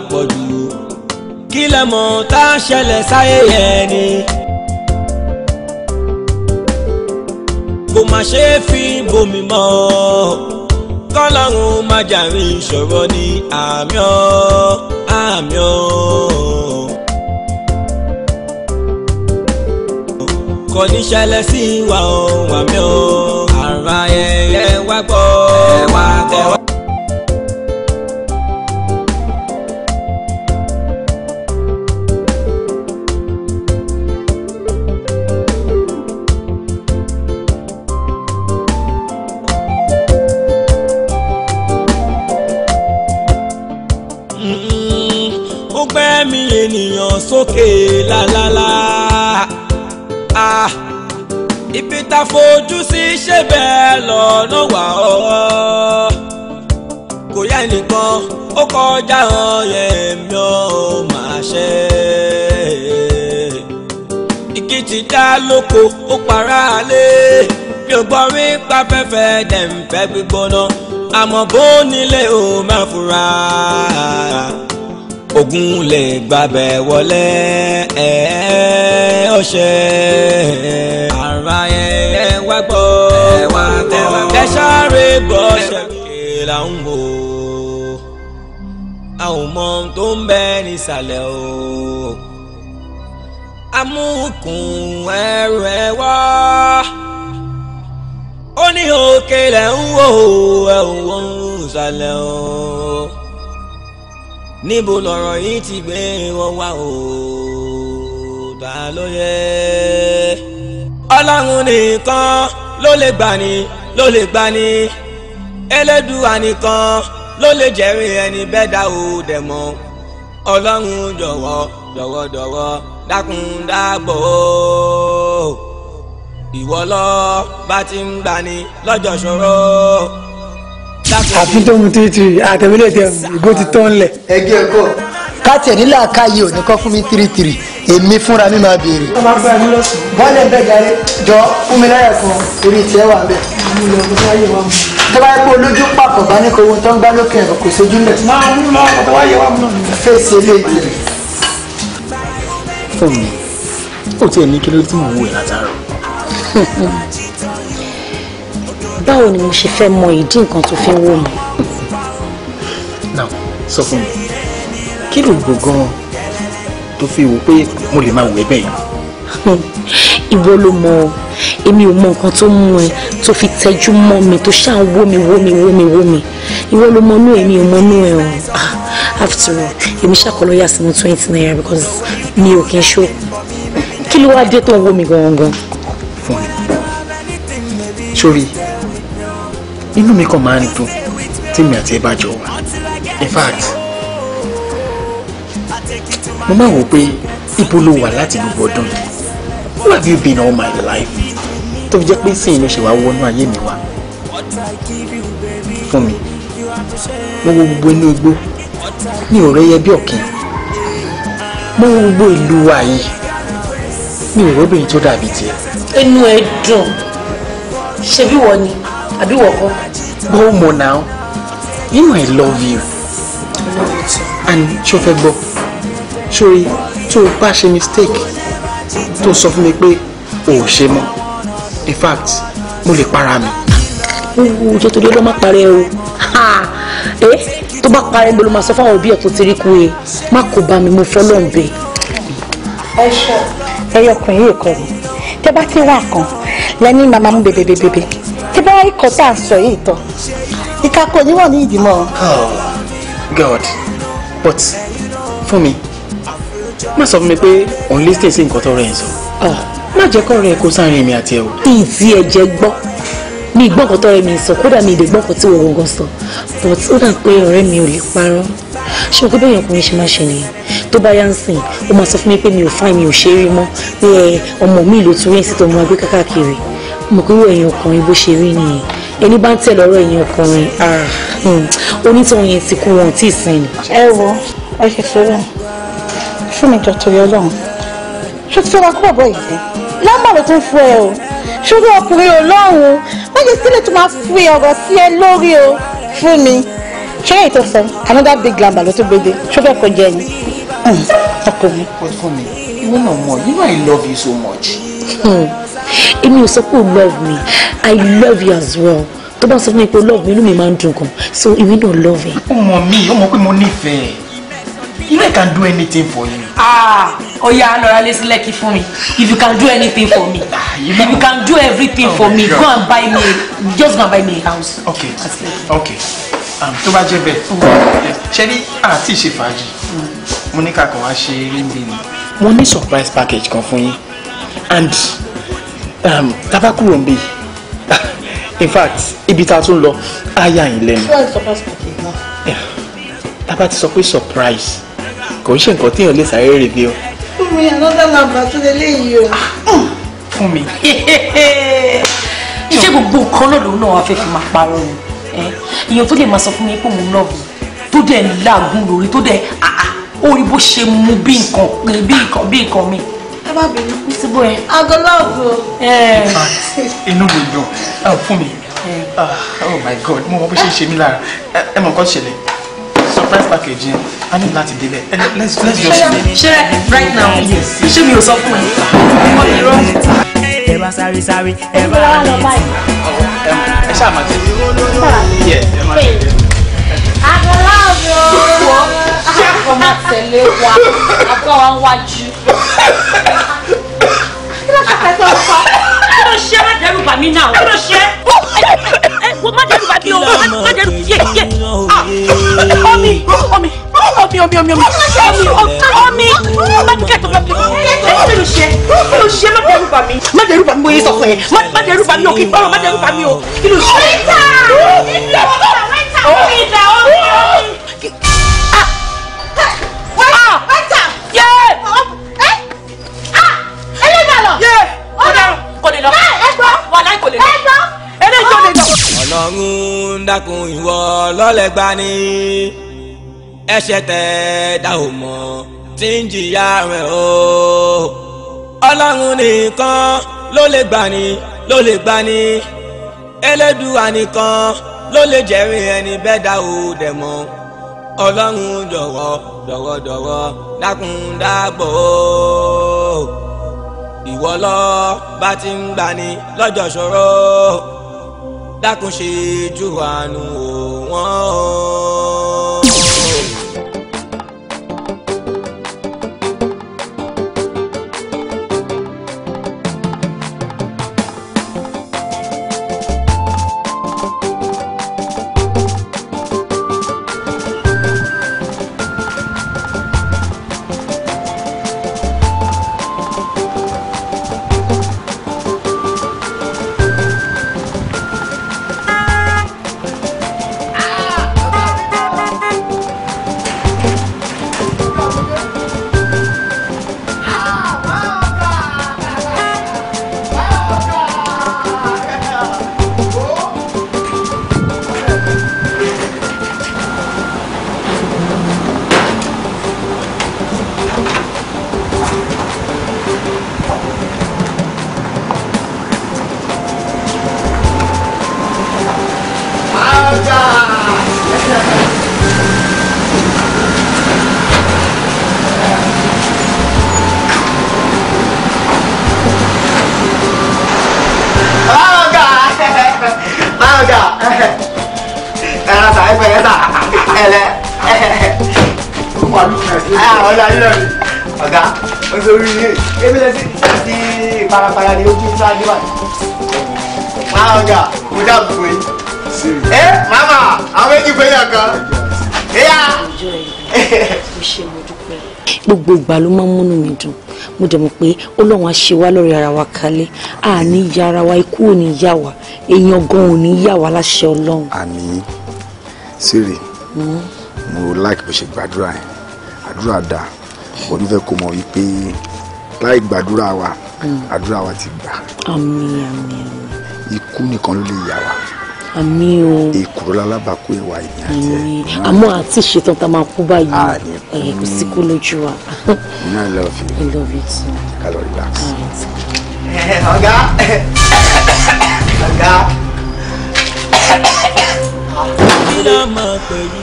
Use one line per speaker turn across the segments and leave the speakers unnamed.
àpọ̀jù kí lẹ mọ̀ tá a ṣẹlẹ̀ sáyé yẹn ni. kò má ṣe é fi bomi mọ́ kọ́lọ́run má jàre ìṣòro ní àmì ọ́ àmì ọ́. kò ní ṣẹlẹ̀ sí wa ọ̀ wàmí ọ́ ara ẹ̀yẹ wá gbọ́ ẹ̀ wá tẹ̀ lálálá ah, ibi tá fojú sí ṣe bẹ́ẹ̀ lọ́nà wà ọ́ kò yá ẹnìkan ó kọjá hàn yẹn mi ò máa ṣe igi ti dá lóko ó para lé mi ò gbọ́ rí páfẹ́fẹ́ dẹ̀ ń fẹ́ gbígbóná àmọ́ bó nílé ò máa fura ogun lè gbàbẹ̀ wọlé ẹ̀ẹ́ ọ̀ṣẹ́. ara ẹ wá gbọ́ ẹ wá tẹ̀wá ẹ sáré bọ́ ṣẹ́kẹ̀ là ń wò a ò mọ ohun tó ń bẹ nísàlẹ̀ o amúkùn ẹrù ẹ wá ó ní òkè ń wò ẹ̀ ń wò ń sàlẹ̀ o níbo lọ̀rọ̀ yìí ti gbé wọn wá o ta ló yẹ. ọlọ́run nìkan ló lè gbani ló lè gbani elédùà nìkan ló lè jẹ́rìí ẹni bẹ́ẹ̀ dá o dẹ̀ mọ́ ọlọ́run jọ̀wọ́ jọ̀wọ́ jọ̀wọ́ dákun dábọ̀ o ìwọ bá ti ń gbani lọ́jọ́ ṣòro
ọ̀fun tó mu tìrìtìrì àtẹ̀wélé tẹ ìgò ti tán lẹ̀. ẹgbẹ́ ẹ̀kọ́. káàtì ẹ̀ní làákà yìí ò ní kọ́ fún mi tìrìtìrì èmi fúnra mi máa béèrè. bọ́ọ̀lù ẹ̀bẹ̀ gari jọ fún mi láyà kan orí tiẹ̀ wà bẹ́ẹ̀. tọ́ba yẹ kó olójú pàpọ̀ bá ní kó ohun tó ń gbá lókè ẹ̀rọ kò sojú lẹ̀. fèsì ilé ìtìrì. mi ó tiẹ̀ ní kí báwo ni mo ṣe fẹ́ mọ
ìdí nǹkan tó fi ń wò mí.
now sọ fún mi kí ló gbọ́ gan-an tó fi wò pé mo lè máa wò ẹ́ bẹ́ẹ̀
yẹn. ìwọ ló mọ èmi ò mọ nǹkan tó mú ẹ tó fi tẹjú mọ́ mi tó ṣáà wó mi wó mi wó mi wó mi ìwọ ló mọ inú èmi ò mọ inú ẹ o ah, after all èmi ṣàkọlọ yà sínú twenty naira because mi ò kí n ṣó kí ló wá dé tó ń wó mi
gangan. fún mi sórí inú mi kàn máa ń dùn tèmi àti ẹ bá jọ in fact mama máa wò pé ibo ló wà láti gbogbo ọdún yìí where have you been all my life To be just pé sẹ́yìn ló ṣe wá wọnú ayé mi wá fún mi mo wo gbogbo inú igbó mi ò rẹ́yẹ bí ọ̀kìn mo wo gbogbo ìlú wa yìí mi ò rọ́bìnrin tó dàbí tiẹ̀.
ẹnu ẹ dùn ṣebí wọ ni. I do work.
Go mọ̀ now. you know I love you and ṣó fẹ́ gbọ́ sórí tó o bá ṣe mistake tó sọ fún mi pé o ò ṣe mọ́ in fact mo lè para mi.
wúwo jẹ́ torí ọlọ́mọ parẹ́ o ẹ eh? tó bá parẹ́ gbọ́dọ̀ máa sọ fáwọn òbí ẹ̀ tó ti rí kú e má kó bá mi mo fọ́ lọ́nbẹ̀ẹ́. ẹ ṣe ẹyọkùnrin yìí kọ mi tẹ bá ti wà kan lẹni màmá mú bèbèbèbè tí bá ikọ̀ tá à sọ yìí tọ̀
ìka kò níwọ̀n ní ìdìmọ̀. Oh, God but fún mi má sọ fún mi pé òun lè tẹ̀sí nǹkan tó rẹ̀ ń sọ ah. má jẹ́ kọ́ rẹ̀ kó sáárín mi àti ẹ̀ o. ìdí ẹ̀jẹ̀ gbọ́ mi gbọ́ rẹ̀ mi sọ kódà mi ìdè
gbọ́ tí wọ́n gbọ́ngàn sọ but ó dà pé ọ̀rẹ́ mi ò lè parọ́ ṣé o kí bẹ́ẹ̀ ọkùnrin ṣe máa ṣe nìyẹn tó bá yá ń sìn ó máa sọ fún mi pé mi ò fáìn mi ò ṣe é rí mọ́ pé ọmọ mi ìlú tún rẹ́ǹsì tó máa gbé káàkiri mo kúrò ẹ̀yin ọkùnrin bó ṣe rí nìyẹn ẹni bá ń tẹ̀ lọ́rọ̀ ẹ̀yin ọkùnrin hmm, onítàn yẹn ti kú wọn ò tí ì sìn. ẹ wo ẹ ṣe sọ̀rọ̀ fún mi jọ torí Ọlọ́run ṣó ti fẹ́ máa kó bàbá yìí lámbà ló tún fún ẹ o ṣùgbọ́n ọkùnrin Ọlọ́run wọ́n ṣe sílẹ̀ tó máa fi ọ̀rọ̀ sí ẹ lórí o fún mi ṣé èyí tó sọ another big lamba ló tún gbéde ṣùgbọ́n kò jẹ ni hmm,
ọkùnrin. ọkùnrin you know I love you so much.
Hmm èmi ò sọ pé o love me i love you as well tó bá sọ fún mi pé o love me inú mi máa ń dùn gan so èmi náà love ẹ.
ọmọ mi ọmọ pé mo nífẹ̀ẹ́
you i can do anything for you. ah oya lọra lé sílẹ̀ kí fún mi if you can do anything for me ah, if you can do everything oh for me God. go and buy me just go and buy me a house. okay
okay um, tó bá jẹ́ bẹ́ẹ̀ ṣe ní àti ṣe fàájì mo ní ká kàn wá ṣe eré mi mo ní surprise package kan fún yín and Um, tábà kúrò ń bí in fact ibi tá a tún lọ á yà yín lẹ́nu. tábà ti sọ pé surprise kò ń ṣe nǹkan téèyàn lè sáré rèébi o.
fún mi another number tún lè léyìí o. Ah, mm. fún mi. iṣẹ́ gbogbo nǹkan náà lòun náà wàá fẹ́ fi máa parọ́ ni èèyàn tó lè máa sọ fún mi pé òun náà bù tó dẹ̀ ń làágùn lórí tó dẹ̀ orí bó ṣe mú bí nǹkan bí nǹkan bí nǹkan mi ẹ má bínú kú síbò ẹ aago ah, náà
bò.
inú mi dùn ah, fún mi ah, oh my god mo mọ bó ṣe ń ṣe mí lára ẹ mọ nǹkan surprise package I need that láti délẹ̀ let's let's just share. ṣe right now Yes. Show me sọ fún
ẹ ọmọ sorry,
sorry. ẹ bá sáré sáré ẹ bá rà lọ báyìí. ẹ ṣáà máa tẹ̀lé ẹ máa tẹ̀lé. kí ló ṣàfẹ́ sọ fún ọ. kí ló ṣe má dẹ́rù bà mí náà kí ló ṣe. wo má dẹ́rù bà mí o má dẹ́rù yé yé. omi omi omi omi omi omi omi má ní kẹtọ lọ bí kí ló ṣe kí ló ṣe má dẹ́rù bà mí. má dẹ́rù bà mí bóyá sọ fún ẹ má dẹ́rù bà ìjọ lè dọ̀.
ọlọ́run dákun ìwọ lọ́lẹ́gbà ni ẹ̀ṣẹ̀ tẹ̀ dá ò mọ̀ tí ń jìyà rẹ̀ o ọlọ́run nìkan ló lè gbà ni ló lè gbà ni elédùà nìkan ló lè jẹ́rìí ẹni bẹ́ẹ̀ dá ò dẹ̀ mọ́ ọlọ́run jọ̀wọ́ jọ̀wọ́ jọ̀wọ́ dákun dáàbò ìwọ bá ti ń gbani lọ́jọ́ ṣòro dákun ṣe ju àánú òwọ́n o.
máa ọ̀gá mo dáàbò fún yín. ẹ màmá àwọn méjì pé yàn kan.
gbogbo ìgbà ló máa ń múnú mi dùn mo dẹ̀ mọ̀ pé ọlọ́run á ṣe wá lórí ara wa kalẹ̀ àní ya ara wa ikú ò ní yà wá èèyàn gan ò ní yà wá láṣẹ ọlọ́run.
àní sírì hmm? mo like bó ṣe gbàdúrà yẹn àdúrà dáa mo nífẹ̀ẹ́ kó mọ̀ wípé láì gbàdúrà wa hmm. àdúrà wa ti gbà
àmín àmín
ikú nìkan ló lè yà wá.
àmín o.
èkúrò lálábàákú ìwà ìní
àti ẹ. àmọ́ àti ṣetán tá a máa kú báyìí ẹ kò sí kú lójú wa.
I love you. I love you too. ká lọ relax. ọ̀gá
ọ̀gá.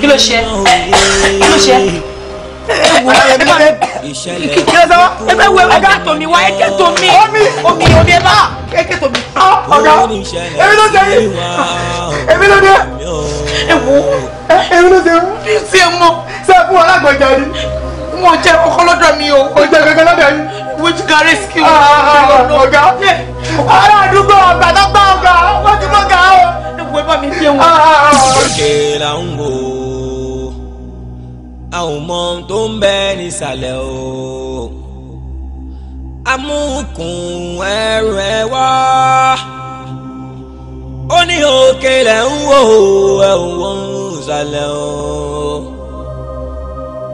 kí ló ṣe kí ló ṣe
ìṣẹ̀lẹ̀ ìkìkì
ẹsẹ wa ẹbẹ wo ẹgbẹ tó mi wa ẹkẹ tó mi omi omi omi ẹ bá ẹkẹ tó mi ọgá èmi ló ṣe yìí èmi ló ṣe ẹ wo èmi ló ṣe bí ṣe mọ ṣe fún alágbèjà ni
mo jẹ kọkọ lọ́dọ̀ mi o o jẹ kọkọ lọ́dọ̀ mi which gary skill ọgá ará àdúgbò ọgbà tó gbà ọgá wọn ti mọ gà á o ẹ wo ẹ bá mi ṣe wọn. Ah, ah, ah.
òkè là ń wò ó a ò mọ ohun tó ń bẹ nísàlẹ̀ o. amúkùn ẹrù ẹ wá ó ní òkè lẹ̀ ń wò ẹ̀ ò wò ń sàlẹ̀ o.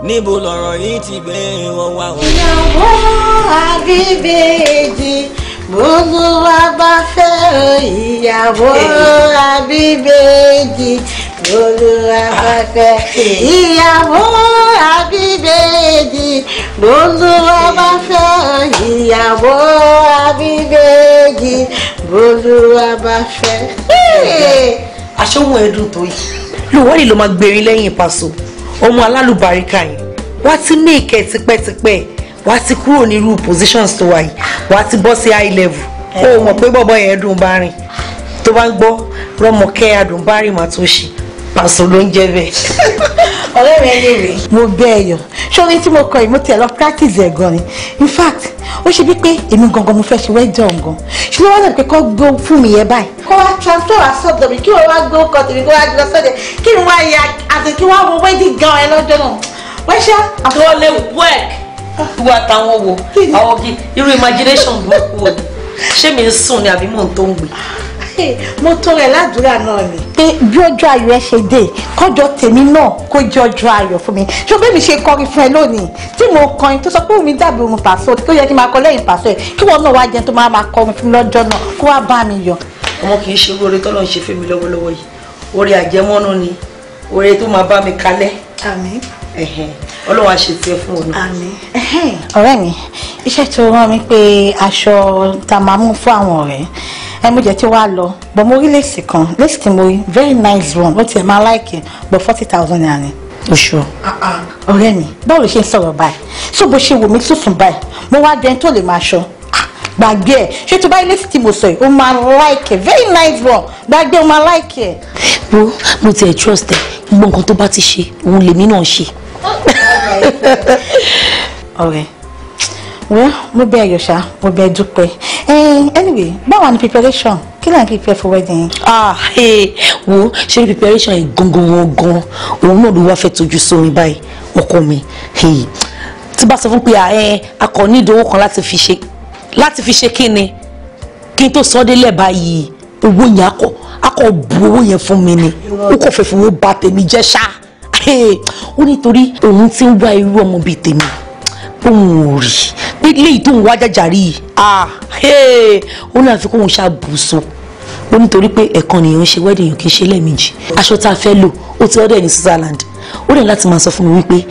níbo lọ̀rọ̀ yìí ti gbé wọn wá o.
ìyàwó àbíbèjì
gbogbo wa bá fẹ́ ìyàwó àbíbèjì olùràbàtẹ ìyàwó àbíbèjì olùràbàfẹ ìyàwó àbíbèjì olùràbàfẹ. aṣọ́wọ́n ẹ̀dùn tó yìí. lùwọ́lì ló máa gbèrè lẹ́yìn paṣọ ọmọ alálùbáríkà yìí wá ti méèkẹ́ tipẹ́tipẹ́ wá ti kúrò nírú positions tó wà yìí wá ti bọ́ sí high level ó mọ̀ pé bọ̀bọ̀ yẹn dùn bá rìn tó bá ń gbọ́ rọmọkẹ́ adùn bá rìn mà tó ṣe pàṣẹ ló ń jẹ́ bẹ́ẹ̀. ọ̀rẹ́ mi ẹyẹ rè. mo bẹ ẹyọ sórí tí mo kọ yìí mo tẹ̀ lọ practice ẹ̀ gan ni in fact ó ṣe bí pé èmi gangan mo fẹ́ ṣe wẹ́jọ̀ gan ṣùgbọ́n wọ́n dàbí pé kọ́ gbó fún mi yẹn báyìí. kó wá transfer wá sọ́dọ̀ mi kí wọ́n wá gbó kọ́ tèmi kó wá gbó sọ́dọ̀ kí ni wọ́n á ya àti kí wọ́n á wọ wedding gown ẹ lọ́jọ́ náà wọ́n ṣá. tó lè work wo àtàwọn wo àwọn irú imagination burúkú wo ṣé mi ń sùn ni àbí mò ń tó ń gbé mo tọrọ ẹ ládùúrà náà ni. pé bí ọjọ́ ayọ̀ ẹ ṣe dé kọjọ tèmi náà kó jẹ ọjọ́ ayọ̀ fún mi ṣó bẹ́ẹ̀ mi ṣe kọrin fún ẹ lónìí tí mo kọrin tó sọ pé òun mi dàbí òun pàṣọ tó yẹ kí n máa kọ lẹ́yìn pàṣọ ẹ kí wọn náà wá jẹun tó máa máa kọrin fún mi lọ́jọ́ náà kó wá bá mi yọ. ọmọ kì í ṣe oore tọ́lọ́ ń ṣe fún mi lọ́wọ́lọ́wọ́ yìí oore àjẹmọ́nú ni oore tó máa bá mi kalẹ̀. àmín ọlọ́wà ṣe tiẹ̀ fún òun. ọ̀rẹ́ mi iṣẹ́ tó rán mi pé aṣọ tá a máa mú fún àwọn ọ̀rẹ́ ẹ mo jẹ tí wàá lọ bọ̀ mo rí lẹ́sì kan lẹ́sì tí mo rí very nice one ó tiẹ̀ máa láìkì bọ̀ forty thousand naira ni oṣù ah, ah. ọ̀rẹ́ mi báwo ló ṣe ń sọ̀rọ̀ báyìí tó bó ṣe wò mí tuntun báyìí mo wá dẹni tó lè máa ṣọ ah, gbàgbé ẹ ṣé tó bá ilé sì mo sọ yìí ó máa like very nice one gbàgbé ó máa like ẹ. wo mo tiẹ̀ trust ẹ gbogbo nǹkan tó bá ti ṣe òun lèmi náà ṣe. Okay. ọ̀rẹ́ wẹ́ẹ́ mo bẹ ẹ̀yọ̀ ṣá mo bẹ dúpẹ́ anyway báwo ni preparation Can I prepare for wedding. ah hey, wo ṣe preparation yìí gangan wọn gan òun náà ló wá fẹ́ tójú sómi báyìí ọkọ mi tí bá sọ fún pé akọ ah, ní ìdówó kan láti fi ṣe láti fi ṣe kí ni kí n tó sọ délẹ̀ báyìí owó yẹn akọ akọ bu owó yẹn fún mi ni ó kò fẹ́ fowó bà tèmi jẹ́ ṣáá. ó nítorí òun ti ń wá irú ọmọ bíi tèmi òun ò rí pé léyìí tó ń wá jàjàrí ó ní àfikún òun ṣàbùsọ ó nítorí pé ẹ̀kan nìyẹn ń ṣe wedding yìí kì í ṣe lẹ́ẹ̀mejì aṣọ tá a fẹ́ lò ó ti order ní Switzerland ó dẹ̀ láti máa sọ fún mi wípé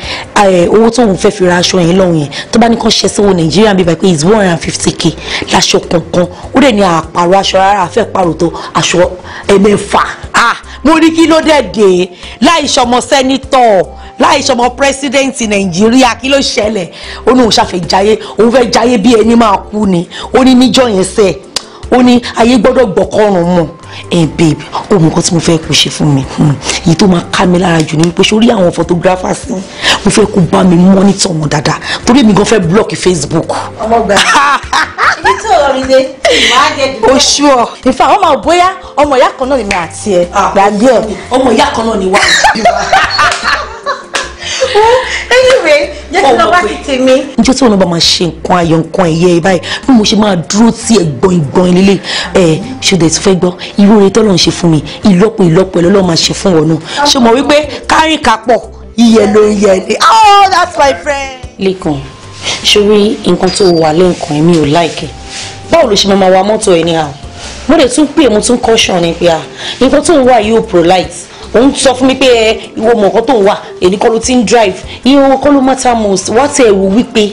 owó tóun fẹ́ fi ra aṣọ yẹn lọ́hùn yẹn tó bá ní kàn ṣe sínú nàìjíríà bíi pé is one hundred and fifty k láṣọ kankan ó dẹ̀ ní àpàrọ̀ aṣọ rárá àfẹ́ pàrọ̀ tó aṣọ ẹ̀mẹ́fà ah mo rí kí ló dẹ̀ dé láì sọmọ sẹ́nitọ̀ láì sọmọ pírẹsidẹ́ǹtì nàìjíríà kí ló ṣẹlẹ̀ ó ní òun ṣàfẹ́ jayé òun fẹ́ jayé bí ẹni máa kú ni ó ní níjọ́ yẹn sẹ́ẹ̀ ó ní ayé gbọ́dọ̀ gbọ́kọ́rùn mọ́ ẹ eh, babe ó mú nǹkan tí mo fẹ́ kó ṣe fún mi hmm. èyí tó máa ká mi lára jù ni pé sórí àwọn photographers ni mo fẹ́ kó bá mi mọ́nítọ̀ wọn dáadáa torí èmi gan fẹ́ blọ́ọ̀kì Facebook. ọmọ gbà ibi tó o rí de ìwà jẹ jù. oṣù ọ ìfà ọmọ bóyá ọmọ ìyá kan náà ni mi àti ẹ ah. gbàgbé ẹ ọmọ ìyá kan náà ni wà. anyway jẹ́ kí lọ wá sí tèmi. njẹ́ tí wọn bá máa ṣe nǹkan ayọ̀ nǹkan ẹ̀yẹ báyìí bí mo ṣe máa dúró tí ẹ gbọ̀n gbọ̀n lílé ẹ ṣòdẹ̀ ti fẹ́ gbọ́ irú oore tọ́lọ́ ń ṣe fún mi ìlọ́pọ̀ ìlọ́pọ̀ ẹ̀ lọ́lọ́ máa ṣe fún wọn náà ṣe mọ̀ wípé kárìn kápọ̀ iyẹ̀ ló ń yẹ ni oh that's my friend. lẹ́kàn ṣorí nǹkan tó wà lẹ́ǹkan mi ò láìkẹ́ báwo ló ṣe máa wa mọ́tò anyhow mo dẹ̀ tún pè mo tún caution ni pé ah nǹkan tó ń wà yóò prolite òun sọ fún mi pé ẹ ìwọ mọ̀ nǹkan tó ń wà èmi kọ́ ló ti ń drive iye owó kọ́ ló matter most wá tẹ̀ wò wípé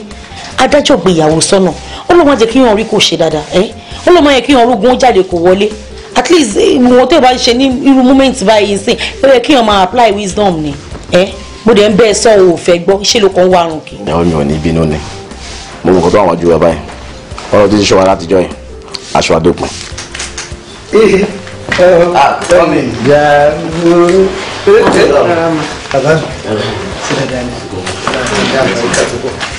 adájọ́ gbéyàwó sọ́nà ó lọ́ máa jẹ́ kí yàn rí kò ṣe dáadáa ẹ́ ó lọ́ máa yẹ kí yàn rógun ó jáde kò wọlé at least eh, ìwọ̀n tó bá ṣe ní irú moment báyìí sìn ó yẹ kí yàn máa apply wisdom ni ẹ́ bó dẹ̀ ń bẹ́ẹ̀ sọ ò fẹ́ gbọ́ ṣé ló kàn ń wá àrùn kì.
ìyàwó mi ò ní bínú ni mo mọ̀ kó tó àwọn ju ẹ báyìí ọ̀rọ̀ ti ṣọ́ra látijọ́ yìí aṣọ àdópin jagoro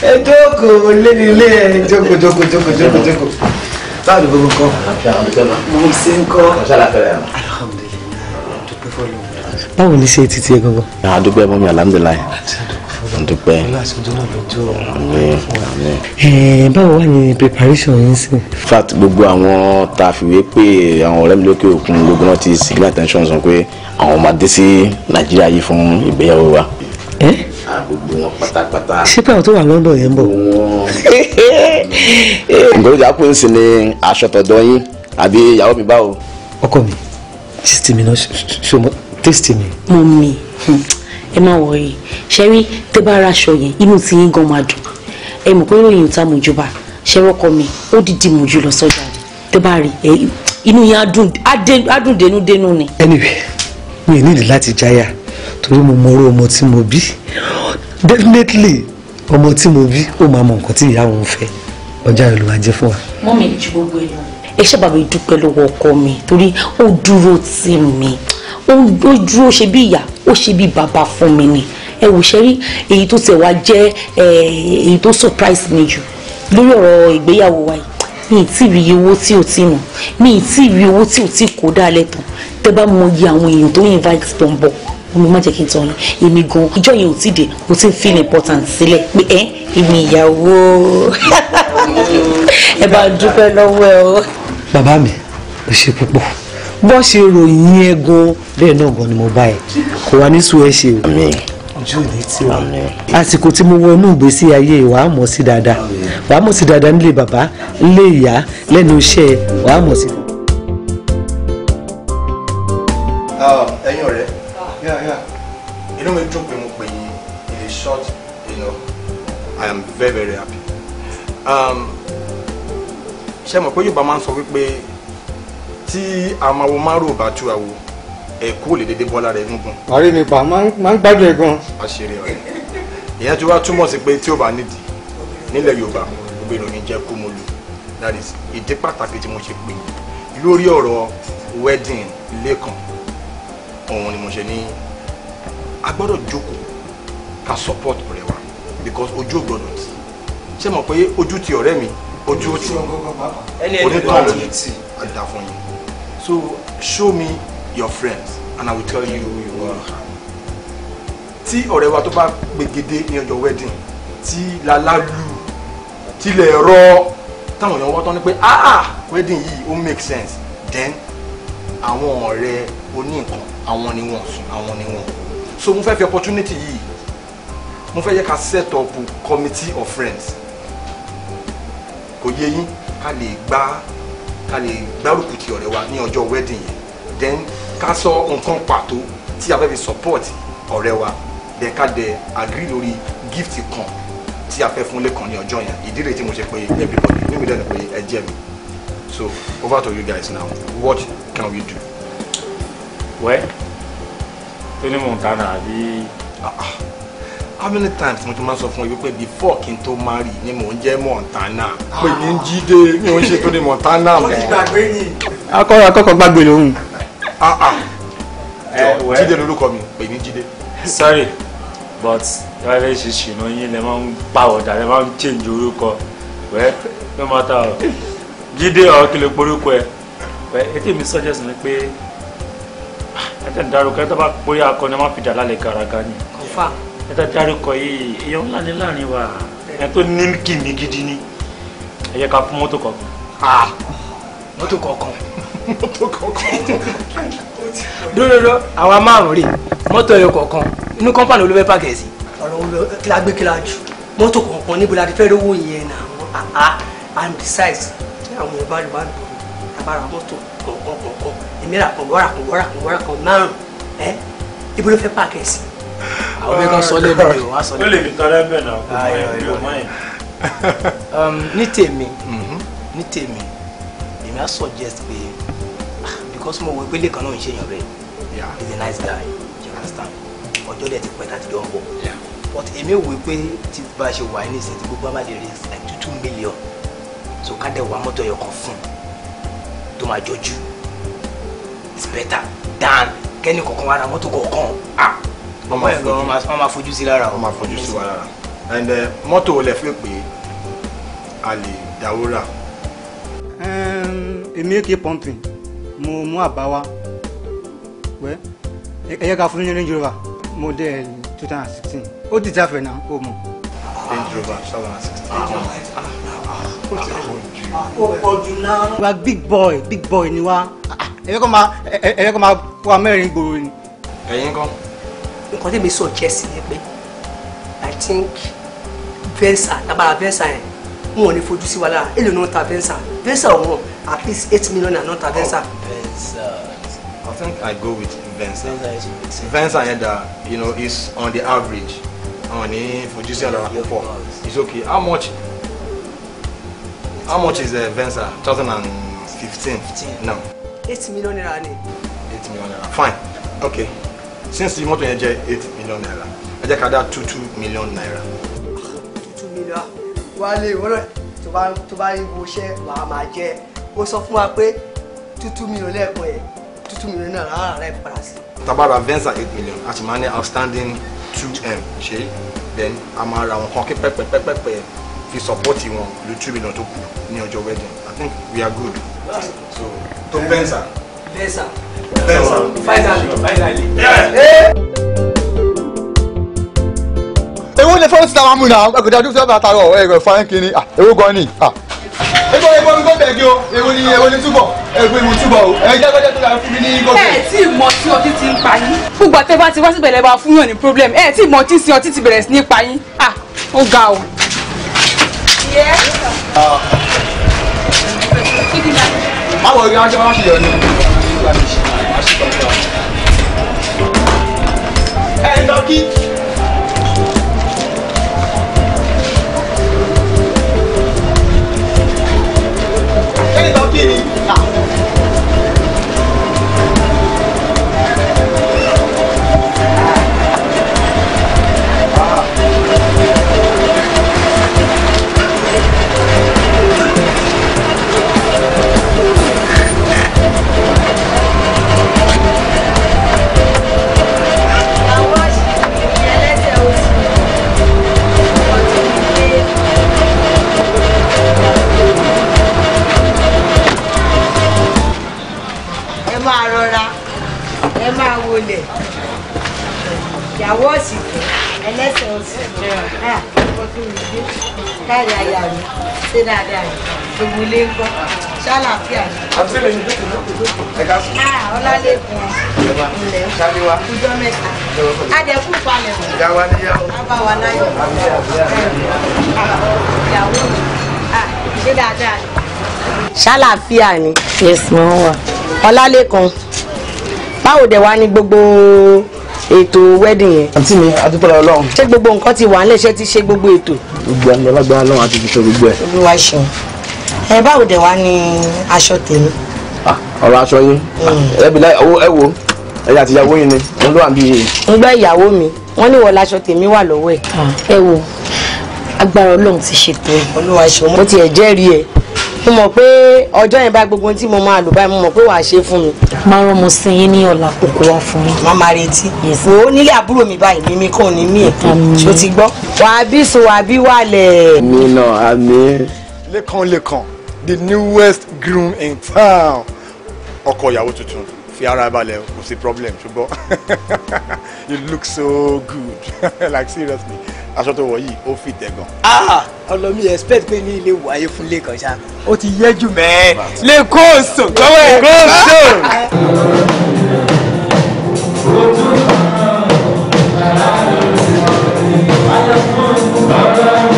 ẹ jókòó lédi ilé ẹ jókòó jókòó jókòó jókòó jókòó báwo ni gbogbo nǹkan mo ṣe ń kọ́
báwo ni ṣe títí ẹ gbogbo. àdúgbò ẹ mọ mi alhamdulilayi dúpẹ́
àmín àmín. báwo wà ní preparation yín sí.
fact gbogbo àwọn tá a fìwé pé àwọn ọ̀rẹ́ mi lókè òkun gbogbo náà ti signal attention sọ pé àwọn máa dé sí nàìjíríà yìí fún ìgbéyàwó wa. gbogbo wọn pátápátá. sípò àwọn
tó wà london yẹn ń bọ̀.
ǹgbọ́n ìjà pé ń sin ni aṣọ tọ̀dọ̀ yín àbí ìyàwó mi báwo.
ọkọ mi tíìsì mi náà ṣe mo tíìsì
mi. mo mi ẹ má wọrí ṣẹ́rí tẹ́ bá raṣọ yẹn inú ti yín gan máa dùn ẹ mọ̀ pé ìròyìn ta mojú bá ṣẹ́rọ́kọ mi ó dìdì mojú lọ sọ́jà rẹ̀ tẹ́ bá rí inú yẹn á ni. anyway
mi ò nílò láti jáyà torí mo mọ̀rọ̀ ọmọ tí mo bí definitely ọmọ tí mo bí ó máa mọ nǹkan tí ìyá òun fẹ́ ọjà rẹ̀ ló máa jẹ́ fún wa.
mọ́mì ju gbogbo ẹ̀ ẹ ṣábàbí dúpẹ́ lọ́wọ́ ọkọ mi torí ó dúró tì mí ó dúró ṣe bí ìyá ó ṣe bí bàbá fún mi ni ẹ wò ṣe rí èyí tó tẹ̀ wá jẹ́ èyí tó surprise me jù lórí ọ̀rọ̀ ìgbéyàwó wa yìí mi ì tí ì rí owó tí ò tí ì nù mi ì tí ì rí owó tí ò tí ì kó dálẹ̀ tán tẹ́ bá mọ iye àwọn èèyàn tó invite tó ń bọ̀ omi má jẹ́ kí n tọ́ ni èmi gan ìjọ yẹn ò tí dé mo ti ń feel important sílẹ̀ pé ẹ èmi ìyàwó ẹ bá dúpẹ́ lọ́wọ́ ẹ o.
bàbá mi ò ṣe púpọ̀ bó ṣe ròyìn ẹ gan bẹ́ẹ̀ náà gan ni mo bá ẹ kò wá ní sùn ṣe o àsìkò tí mo wọnú ìgbésí ayé wàá mọ̀ sí dáadáa wàá mọ̀ sí dáadáa nílé bàbá nílé ìyá lẹ́nu iṣẹ́
wàá mọ̀ sí. Ah, ẹ̀yin ọ̀rẹ́ inú mi dùn pé mo pè yín in a short you know, I am very very happy. Um, ṣé mo pé Yorùbá máa ń sọ wípé tí àmàwò márùn ò bá tú àwo ẹ̀kú ò lè dédé bọ́lá rẹ̀ gúngun. ọ̀rẹ́ mi pa máa ń gbádùn ẹ̀ gan. àṣírí ọ̀rẹ́ ìyẹn tí wàá túmọ̀ sí pé tí ò bá nídìí nílẹ̀ yorùbá gbogbo ìròyìn jẹ́ kó mo lu that is ìdí pàtàkì tí mo ṣe pè lórí ọ̀rọ̀ wedding lẹ́kàn òun ni mo ṣe ní a gbọ́dọ̀ jókòó ká support ọ̀rẹ́ wa because ojú ò gbọ́dọ̀ tì ṣé mọ̀ pé ojú ti ọ̀rẹ́ mi ojú ti onítọ̀ọ̀rẹ́ mi àdá fún yín. So show me your friends and I will tell you who you are. Tí ọ̀rẹ́ wa tó bá gbègede ní ọjọ́ wedding tí lálálù tilẹ̀ rọ táwọn èèyàn wọ́n tán ni pé ah, ah wedding yìí ó make sense then àwọn ọ̀rẹ́ oní nǹkan àwọn ni wọ́n sùn àwọn ni wọ́n. So mo fẹ́ fi opportunity yìí mo fẹ́ yẹ ká set up committee of friends kò yẹ yín ká lè gbá ká lè gbárùkù ti ọ̀rẹ́ wa ní ọjọ́ wedding yẹn then ká sọ nǹkan pàtó tí a fẹ́ fi support ọ̀rẹ́ wa then ká dẹ̀ agree lórí gift kan tí a fẹ́ fún lẹ́kàn ní ọjọ́ yẹn ìdí rèé tí mo ṣe pé everybody mímí dẹ́nu pé ẹ jẹ́ mi so over to you guys now what can we do. wẹ́ tó ní mò ń tánà àbí. Ah, ah how many times mo ti máa sọ fún ẹ wípé before kí n tó marry ni mò ń jẹ́ Montana pé mi ń jíde mi ò ń ṣe tó ní Montana mọ́. akọ́kọ́ akọ́kọ́ gbàgbé lòun.
Ah, ah. eh, jíde lorúkọ mi pè ní jíde. sorry but rárá ṣe ṣìnà yín lè máa ń pàwọ̀dà lè máa ń change orúkọ wẹ́ no matter o jíde ọ̀ kí lè porúkọ ẹ wẹ́ ètò mi suggest ni pé ah, ẹ̀jẹ̀ ń darúkọ ẹ̀ tó bá pé akọni má fi dà lálẹ́ gàràgà ni. confam ẹ tá dárúkọ yìí èèyàn ńlá ni láàrin wa ẹ tó ní kìmí gidi ni ẹ yẹ ká fún mọ́tò kọ̀ọ̀kan. Ah!
mọ́tò kọ̀ọ̀kan
mọ́tò kọ̀ọ̀kan
dúró àwa márùn rè mọ́tò ẹyọ kọ̀ọ̀kan inú kọ́ńpàlì olóbẹ́ pàkẹ́ sí. ọ̀rọ̀ olú kíla gbé kíla jù mọ́tò
kọ̀ọ̀kan níbo la ti fẹ́ rówó yẹn
náà and ah, besides ah, àwọn yorùbá yorùbá ń dùn àbára mọ́tò kọ̀ọ̀kan kọ̀ọ̀kan èmi rà kàn wọ́rà kàn wọ́rà kàn wọ́rà kàn márùn ẹ́ ibi ló fẹ́ pàkẹ́ sí
àwọn
ẹgbẹ́ kan sọ lẹ́nu mi wọ́n sọ lẹ́nu mi. lè fi tọrẹ
bẹ́ẹ̀
náà
kò mọ ẹbí
ọmọ
yẹn. ní tèmi mm-hmm. ní tèmi èmi á suggest pé ah, because mo wọ ìpele kan náà ń ṣe èèyàn rẹ he a nice guy you understand ọjọ́ dẹ̀ ti pẹ́ tá a ti jọ ń bọ̀ but èmi wò pé tí bá a ṣe wà ní ìsìn tí gbogbo a máa rí like two two million so ká dẹ̀ wà mọ́tò ẹ̀yọ̀ kan fún tó máa jọjú it's better than kẹ́ni kọ̀ọ̀kan wa ra mọ́tò kọ̀ọ̀kan ah ọmọ ẹ̀ gan wọ́n máa fojú sí lára o. wọ́n máa fojú sí wa lára and eh, mọ́tò olè fi pé a lè dáwó rà. èmi ò kí pọ́ǹpì mo mú àbá wa wẹ́ ẹ̀yẹ́ ká fún ní Range model two thousand and sixteen ó ti jáfẹ́ náà ó mọ̀. Range two thousand sixteen. Ah, ah, ah, ó pọ̀ jù náà. wa big boy big boy ni wa ẹ̀yẹ́ kọ́ máa kó wa mẹ́rin gbòòrò ni. ẹ̀yin
kan nǹkan tẹ̀mí suggest yẹn pé i think Vensa, tabara Vensa, yẹn n ò ní fojú sí wa lára èlò náà ta venza venza òun at least eight million naira. not ta Vensa. Oh,
I think I go with Vensa. Vensa, yẹn da you know is on the average. Àwọn ní fojú sí àlàra púpọ̀. It's okay. How much how much is uh, Vensa? Thousand and fifteen. No.
Eight million naira ni.
8 million naira. Fine. Okay since mọ́tò yẹn jẹ́ eight million naira I just ká dá two two million naira.
two million wálé wọ́n To buy to buy a bushel, bó ṣe wàá máa jẹ́ ó sọ two two million lẹ́ẹ̀kan yẹn two two million naira rárá rẹ̀ padà sí.
tabara venza eight million At sì máa ní outstanding two m ṣe then a máa ra wọn kan kí pẹ́pẹ́pẹ́pẹ́ fi support him lu two million tó kù ní ọjọ́ wedding i think we are good so tó venza.
Yes, sir. Yes, sir. Finally,
finally. Eh! Ewo le fọ́nrán ti ta wa eh, mú na ẹ̀kọ́dà tó fi ọ́ bàtà rọ̀ ẹ̀rọ fáyín kínní ah, ewo gan ni. Egbò egbò mi kò bẹ̀ kí o, ewo ni ewo ni túbọ̀, egbò ìmú túbọ̀ o, ẹ eh, jẹ́ kọ́jọ́ tó la fún mi ní gọ́gọ́. Ẹ tí mọ tí ọtí ti ń pa yín. Gbogbo
àtẹ bá ti wá síbẹ̀ lẹ́wọ̀ fún yàn ní problem. Ẹ tí mọ tí sin ọtí ti bẹ̀rẹ̀ sí ní pa yín. Ah, ó ga o.
Ah. Máwọ̀ rí aṣọ máa ṣe yọ̀ ni bá mi ṣe àṣìkò ọ̀gá. ẹ lọ kí.
gbogbo ilé ń gbọ́ ṣáláfíà ni.
àbílẹ̀ yìí ẹ̀ka sùn. Ah,
ọlálẹ́kùn
ilẹ̀ ọjọ́
mẹ́ta.
adẹ̀kù palẹ̀ mọ́.
ìyá wa níyàwó.
bàbá wa láyọ̀. ni. Ah, ah, ṣáláfíà yes mo ń wà. ọlálẹ́kùn báwo dẹ̀ wá ní gbogbo ètò wedding yẹn. àǹtí mi adúpẹ́lẹ́ ọlọ́run. ṣé gbogbo nǹkan ti wà nílẹ̀ ṣé ti ṣe gbogbo ètò. gbogbo
àwọn ọlọ́gbà ọlọ́run àti ìṣòro gbogbo ẹ̀.
olúwa ṣeun ẹ báwo dẹ̀ wá ní aṣọ tèmi.
Ah, ọ̀rọ̀ aṣọ yín ah, mm. ẹbí ẹ wo ẹyà àti ìyàwó yín ni wọn ló wà bí.
ń gbọ́ ìyàwó mi wọ́n ní wọ́n laṣọ tèmi wà lọ́wọ́ ẹ̀. Ah. ẹ wo agbára Ọlọ́run ti ṣètò ẹ̀. Olúwa ṣòwò. mo tiẹ̀ jẹ́rìí ẹ̀ mo mọ̀ pé ọjọ́ yẹn bá gbogbo tí mo máa lò báyìí mo mọ̀ pé wàá ṣe fún mi. máa rán mo sin yín ní ọ̀la kòkó wá fún yín. má máa retí. wò ó nílé àbúrò mi báyìí mímí kò ní mí ẹ̀ ṣó ti gbọ́. wàá bí sùn wàá bí wàlẹ̀.
mi náà àmì. lẹ́kàn the newest groom in town ọkọ ìyàwó tuntun fi ara balẹ̀ kò sí problem ṣùgbọ́n you look so good like seriously aṣọ tó wọ̀ yìí ó fi tẹ̀gàn. Ah,
ọlọ́mi expect pé ní ilé wàyé fún lẹ́kàn ṣá ó ti yẹ jù mẹ́ẹ́ lẹ́kọ̀ọ́ sọ gbọ́wọ́ ẹ̀. Bye.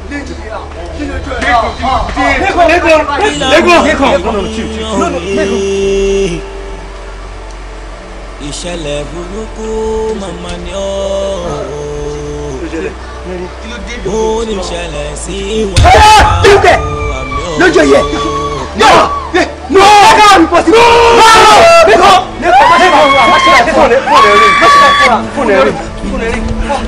ìṣẹ̀lẹ̀ burúkú màmá ni ó ó ní ìṣẹ̀lẹ̀ sí ìwà ó lójú yẹ yọ no ẹ̀ka mi pọ̀ sí.
lẹ́kọ̀ọ́
lẹ́kọ̀ọ́ máṣẹ́ máa ń wá máṣẹ́ máa ń fún ẹ̀rín máṣẹ́ máa ń fún ẹ̀rín
fún ẹ̀rín fún ẹ̀rín.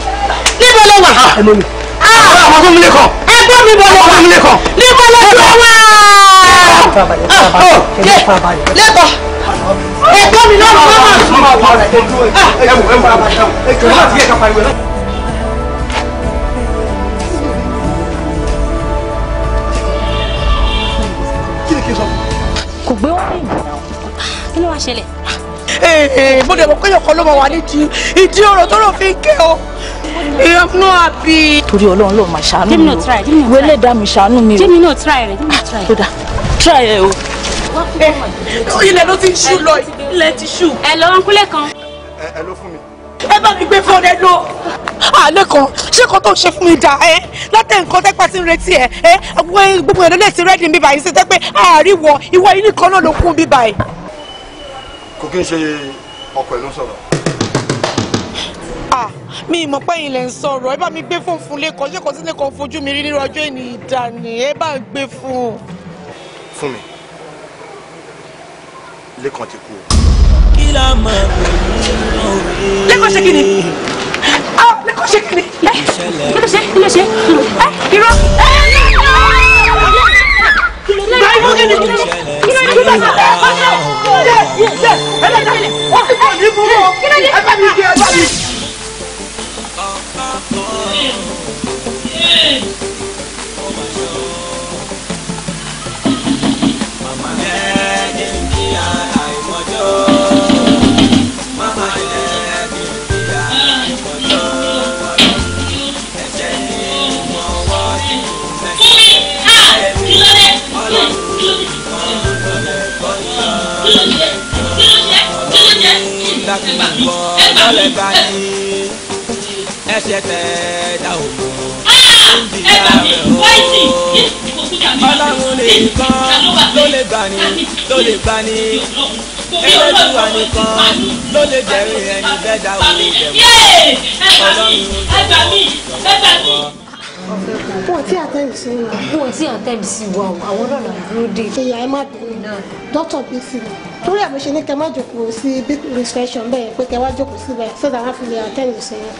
níbo ló wà. ẹnu mi àwọn
àwọn fún mi lè kàn. ẹgbọ́n mi bọ̀ lọ wà níbo ló lọ wà. lẹ́tọ̀ ẹ̀kọ́ mi náà lọ́wọ́. ẹ̀wù ẹ̀wù ẹ̀wù ẹ̀wù
kò gbé wọn
ní ìgbà kí ló wá ṣẹlẹ̀. bó dẹ̀ mọ̀ pé ọkọ ló máa wà ní ti ìdí ọ̀rọ̀ tó rò fi ń ké o èèyàn fún náà happy. torí ọlọ́run lọ́ọ́ máa ṣàánú mi o jẹ́mi náà try jẹ́mi náà try wẹ́lẹ̀ dá mi ṣàánú mi o jẹ́mi náà try rẹ̀ jẹ́mi náà try rẹ̀ try ẹ o. Eh, ilẹ̀ ló ti ń ṣú lọ ilẹ̀ ti ṣú. ẹ lọ ọkùnlé kan. ẹ ló fún mi. ẹ bá mi gbé fún ẹ lọ. àlẹ́ kan ṣé kan tó ṣe fún mi dà ẹ́ látẹ̀ nǹkan tẹ́pẹ́ ti ń retí ẹ̀ ẹ́ gbogbo ẹ̀rọ lẹ́sìn rẹ́ẹ̀dì mi báyìí ṣe tẹ́pẹ́ àárí wọ ìwọ yìí nìkan náà ló kún bíbáyìí.
kò kí ń ṣe ọkọ̀ ẹ̀ ló sọ̀rọ̀
mi ìmọ̀ pẹ́yìn lẹ̀ ń sọ̀rọ̀ ẹ bá mi gbé fún fún lẹ́kọ̀ọ́ ṣé kò sí lẹ́kọ̀ọ́ fojú mi rí nínú ọjọ́ ìní ìdàní ẹ bá gbé fún un.
fún mi lẹ́kàn ti kú.
kí la mọ̀ òní. lẹ́kọ̀ọ́ ṣe kí ni lẹ́kọ̀ọ́ ṣe kí ni lẹ́kọ̀ọ́ ṣe kí ni ṣe irọ́.
báyìí wọ́n kí ni kí ló ń bí bàbá ọ̀ṣẹ́ yẹ yẹ ẹ̀rọ ìdáyẹ̀lẹ̀ wọ́n ti pọ̀ ní ìfowó ẹ̀ bá mi jẹ ẹ̀ bá mi
lẹ́gbàá ní ṣe tẹ̀ dá o. Ah!
ẹ bá mi wáìtì
ọlọ́run nìkan ló lè bani ló lè bani ẹlẹ́dùwà nìkan ló lè jẹ́rìí ẹni bẹ́ẹ̀ dá o. ọlọ́run ló lè bani ló lè bani
wọn ti àtẹ́ǹdì sí wa. wọn ti àtẹ́ǹdì sí wa o àwọn náà dúró dé. ìyá ẹ má bínú dókítà bísí torí àmì ṣe ní kẹ má jókòó sí big restriction bẹ́ẹ̀ pé kẹ wá jókòó síbẹ̀ sọ́dà wọn fi lè àtẹ́ǹdì sí yẹn.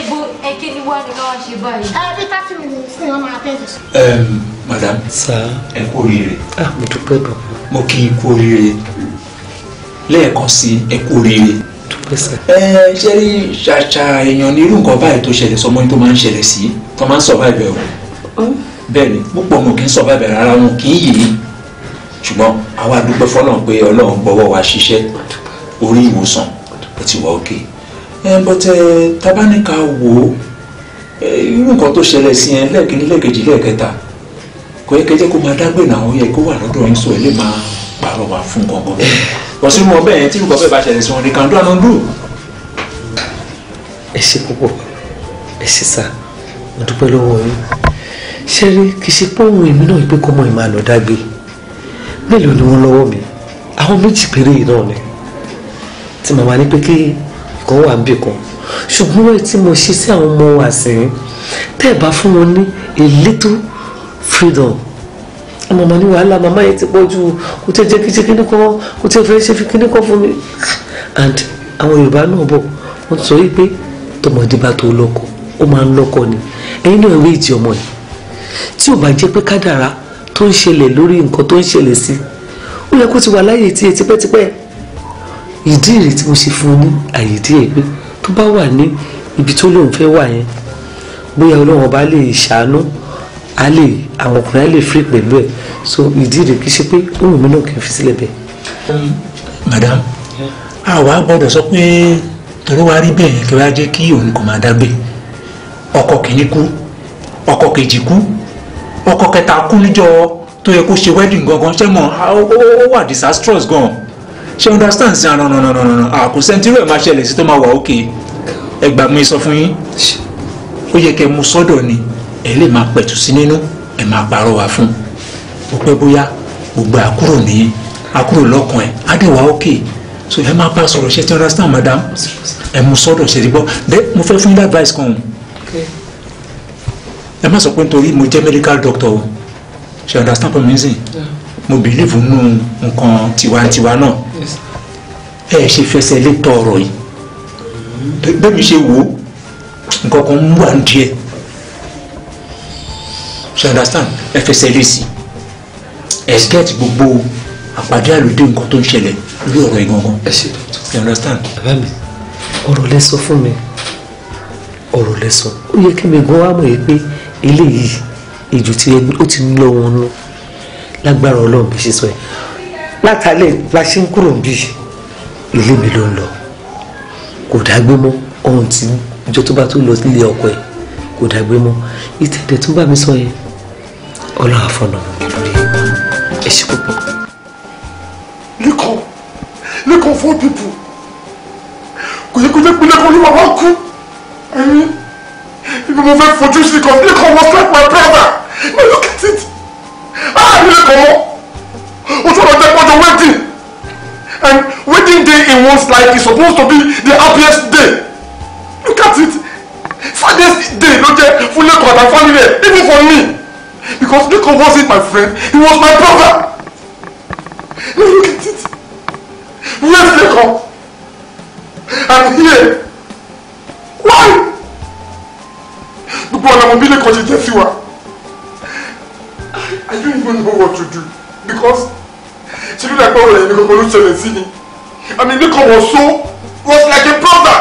ebo ẹkẹ ni wàá ní káwá ṣe báyìí. ẹ bí thirty minutes ni wọn máa àtẹ́ǹdì sí.
madam ẹ kú oríire. Ah, mo dúpẹ́ dùn. mo kí i kú oríire lẹ́ẹ̀kan sí ẹ kú oríire ẹ ṣe rí ṣàṣà èèyàn ní irú nǹkan báyìí tó ṣẹlẹ̀ sọmọ tó máa ń ṣẹlẹ̀ sí tó máa ń survive ẹ̀ o bẹ́ẹ̀ ni púpọ̀ ọmọ kì í survive rárá wọn kì í yìí ṣùgbọ́n àwa dúpẹ́ fọlọ́run pé ọlọ́run gbọ́wọ́ wa ṣiṣẹ́ orí ìwòsàn ó ti wà òkè ẹ bọ́tẹ tabaníkà wò ó irú nǹkan tó ṣẹlẹ̀ sí ẹ lẹ́ẹ̀kínní lẹ́ẹ̀kejì lẹ́ẹ̀kẹta kò yẹ kẹjẹ kó máa dágbé náà ó yẹ kó wà lọ́dọ̀ yín sọ ẹ lè máa pàrọwà fún gbọ̀ngàn kọsínú ọbẹ̀ yẹn tí nǹkan bẹ́ẹ̀ bá ṣẹlẹ̀ sí wọn nìkan dúró àná dúró.
ẹ ṣe púpọ̀ ẹ ṣe sá mo dúpẹ́ lọ́wọ́ yín ṣe rí kì í ṣe pé ohun èmi náà pé kọ́mọ ìmọ̀ àná dágbé mélòó ni wọ́n lọ́wọ́ mi àwọn méjì péré yìí náà ni tí màmá ní pé kí ìkan wà níbì kan ṣùgbọ́n wẹ́ẹ̀ tí mo ṣe sí àwọn ọmọ wa sìn tẹ́ ẹ̀ bá fún wọn ní a little freedom àmọ́ màá ní wàhálà "Mama, yẹn ti pọ̀ ju kò tẹ́ jẹ́ kíjẹ́ kíní kan kò tẹ́ fẹ́ ṣe fi kíní kan fún mi. and àwọn yorùbá náà bọ̀ wọ́n sọ wípé tọmọdé bá tó lọ́kọ ó máa ń lọ́kọ ni ẹ̀yin náà rí ìdí ọmọ yìí tí ò bá jẹ́ pé kádàrá tó ń ṣẹlẹ̀ lórí nǹkan tó ń ṣẹlẹ̀ sí ó yẹ kó ti wà láyè tí tipẹ́tipẹ́ ìdí rèé tí mo ṣe fún un ní àyè díẹ̀ pé tó bá wà ní ibi tó lóun fẹ́ wà yẹn bóyá ọlọ́run ọba lè ṣàánú a lè àwọn ọkùnrin á lè free pẹ̀lú ẹ̀ so ìdí rẹ̀ kì í ṣe pé òun mi
náà kì í fi sílẹ̀ bẹ́ẹ̀. Um, madam àwa gbọ́dọ̀ sọ pé torí wàá rí bẹ́ẹ̀ kí wàá jẹ́ kí òun kò máa dábẹ́ ọkọ kìíní kú ọkọ kejì kú ọkọ kẹta kú níjọ́ tó yẹ kó ṣe wedding gangan ṣé mọ̀ ó wà disastrous gan ṣé understand sí àná ah, nà nà nà nà àkùsẹ́ntì ah, rẹ̀ máa ṣẹlẹ̀ sí tó máa wà ókè ẹgbàá mi sọ fún yín ó yẹ kẹ́ mu sọ́dọ̀ ni ẹ lè máa pẹ̀tù sí nínú ẹ máa pàrọwà fún o pẹ́ bóyá gbogbo àkúrò nìyẹn àkúrò lọ́kàn ẹ̀ á dẹ̀ wá ókè so ẹ máa bá sọ̀rọ̀ ṣe ti understand madam ẹ mú sọ́dọ̀ ṣe ti gbọ́ bẹ́ẹ̀ mo fẹ́ fún yín advice kan ẹ má sọ pé nítorí mo jẹ́ medical doctor o ṣe understand pé mi ń sìn mo believe nínú nǹkan tiwantiwa náà ẹ ṣe fẹsẹ̀ lé tọ ọ̀rọ̀ yìí mm-hmm. bẹ́ẹ̀ mi ṣe wò ó nǹkan kan ń wà ní díẹ̀ so understand ẹ fẹsẹ̀ lé sí ẹ get gbogbo àpàdé àlòdì nǹkan tó ń ṣẹlẹ̀ lórí ọ̀rọ̀ ìgangan ẹ ṣe you understand. bàbá mi
ọ̀rọ̀ lẹ sọ fún mi ọ̀rọ̀ lẹ sọ ó yẹ kí mi gan wá mọ̀ yìí pé eléyìí ìjù tí ẹni ó ti ń lọ wọn nú lágbára ọlọ́run bí ṣe sọ yìí látàlẹ́ la ṣe ń kúrò ń bí ilé mi ló ń lọ kò dágbé mọ́ ohun tí ìjọ tó bá tó lọ sílé ọkọ ẹ̀ kò dágbé mọ́ ìtẹ̀dẹ̀ tó bá mi sọ yẹn ọlọ́run àfọ̀nà mi lórí ẹ ṣe púpọ̀.
lẹ́kọ̀ọ́ lẹ́kọ̀ọ́ four people kò yẹ kó jẹ́ pé lẹ́kọ̀ọ́ ló wà wá kú ẹ̀yìn ibi mo fẹ́ fojú sí kan lẹ́kọ̀ọ́ was like my brother now look at it ààrẹ lẹ́kọ̀ọ́ mọ́ ojú ọ̀rọ̀ jẹ́ pọ́jọ wedding and wedding day in one's life is supposed to be the happiest day look at it saddest day Look at ló jẹ́ fún lẹ́kọ̀ọ́ àtàfọ́ nílẹ̀ even for me. Because Nikon wasn't my friend, he was my brother. Now look at it. Where's Nikon? I'm here. Why? Gbogbo ọ̀nà mọ̀bí Nikon ṣe jẹ́ sí wa. I don't even know what to do because she didn't dàgbọ́ ọ̀rọ̀ yẹn ní gbogbo ló I mean Nikon was so was like a brother.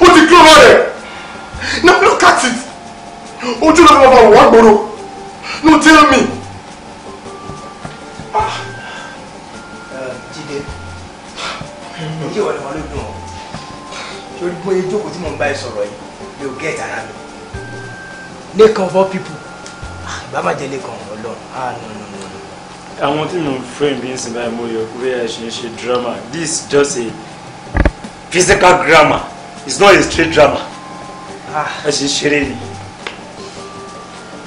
Ó ti kúrò rẹ̀. Now look at it ojú ló fi máa fa wà gbòòrò no tell me.
jíde ìyá ọ̀rẹ́ wọn ló dùn ah.
eh, ọ́ torí bóyá jókòó tí mò ń bá ẹ sọ̀rọ̀ yìí yóò gẹ́ ìtara mi. of all people
ah, ìbá má jẹ́ lẹ́kàn ọlọ́run ah no no no. àwọn tí mo fẹ́ mi ń sìn báyìí mo yọ pé ẹ ṣe ń ṣe drama this is just a physical grammar it's not a straight drama ah. ẹ ṣe ń ṣeré ni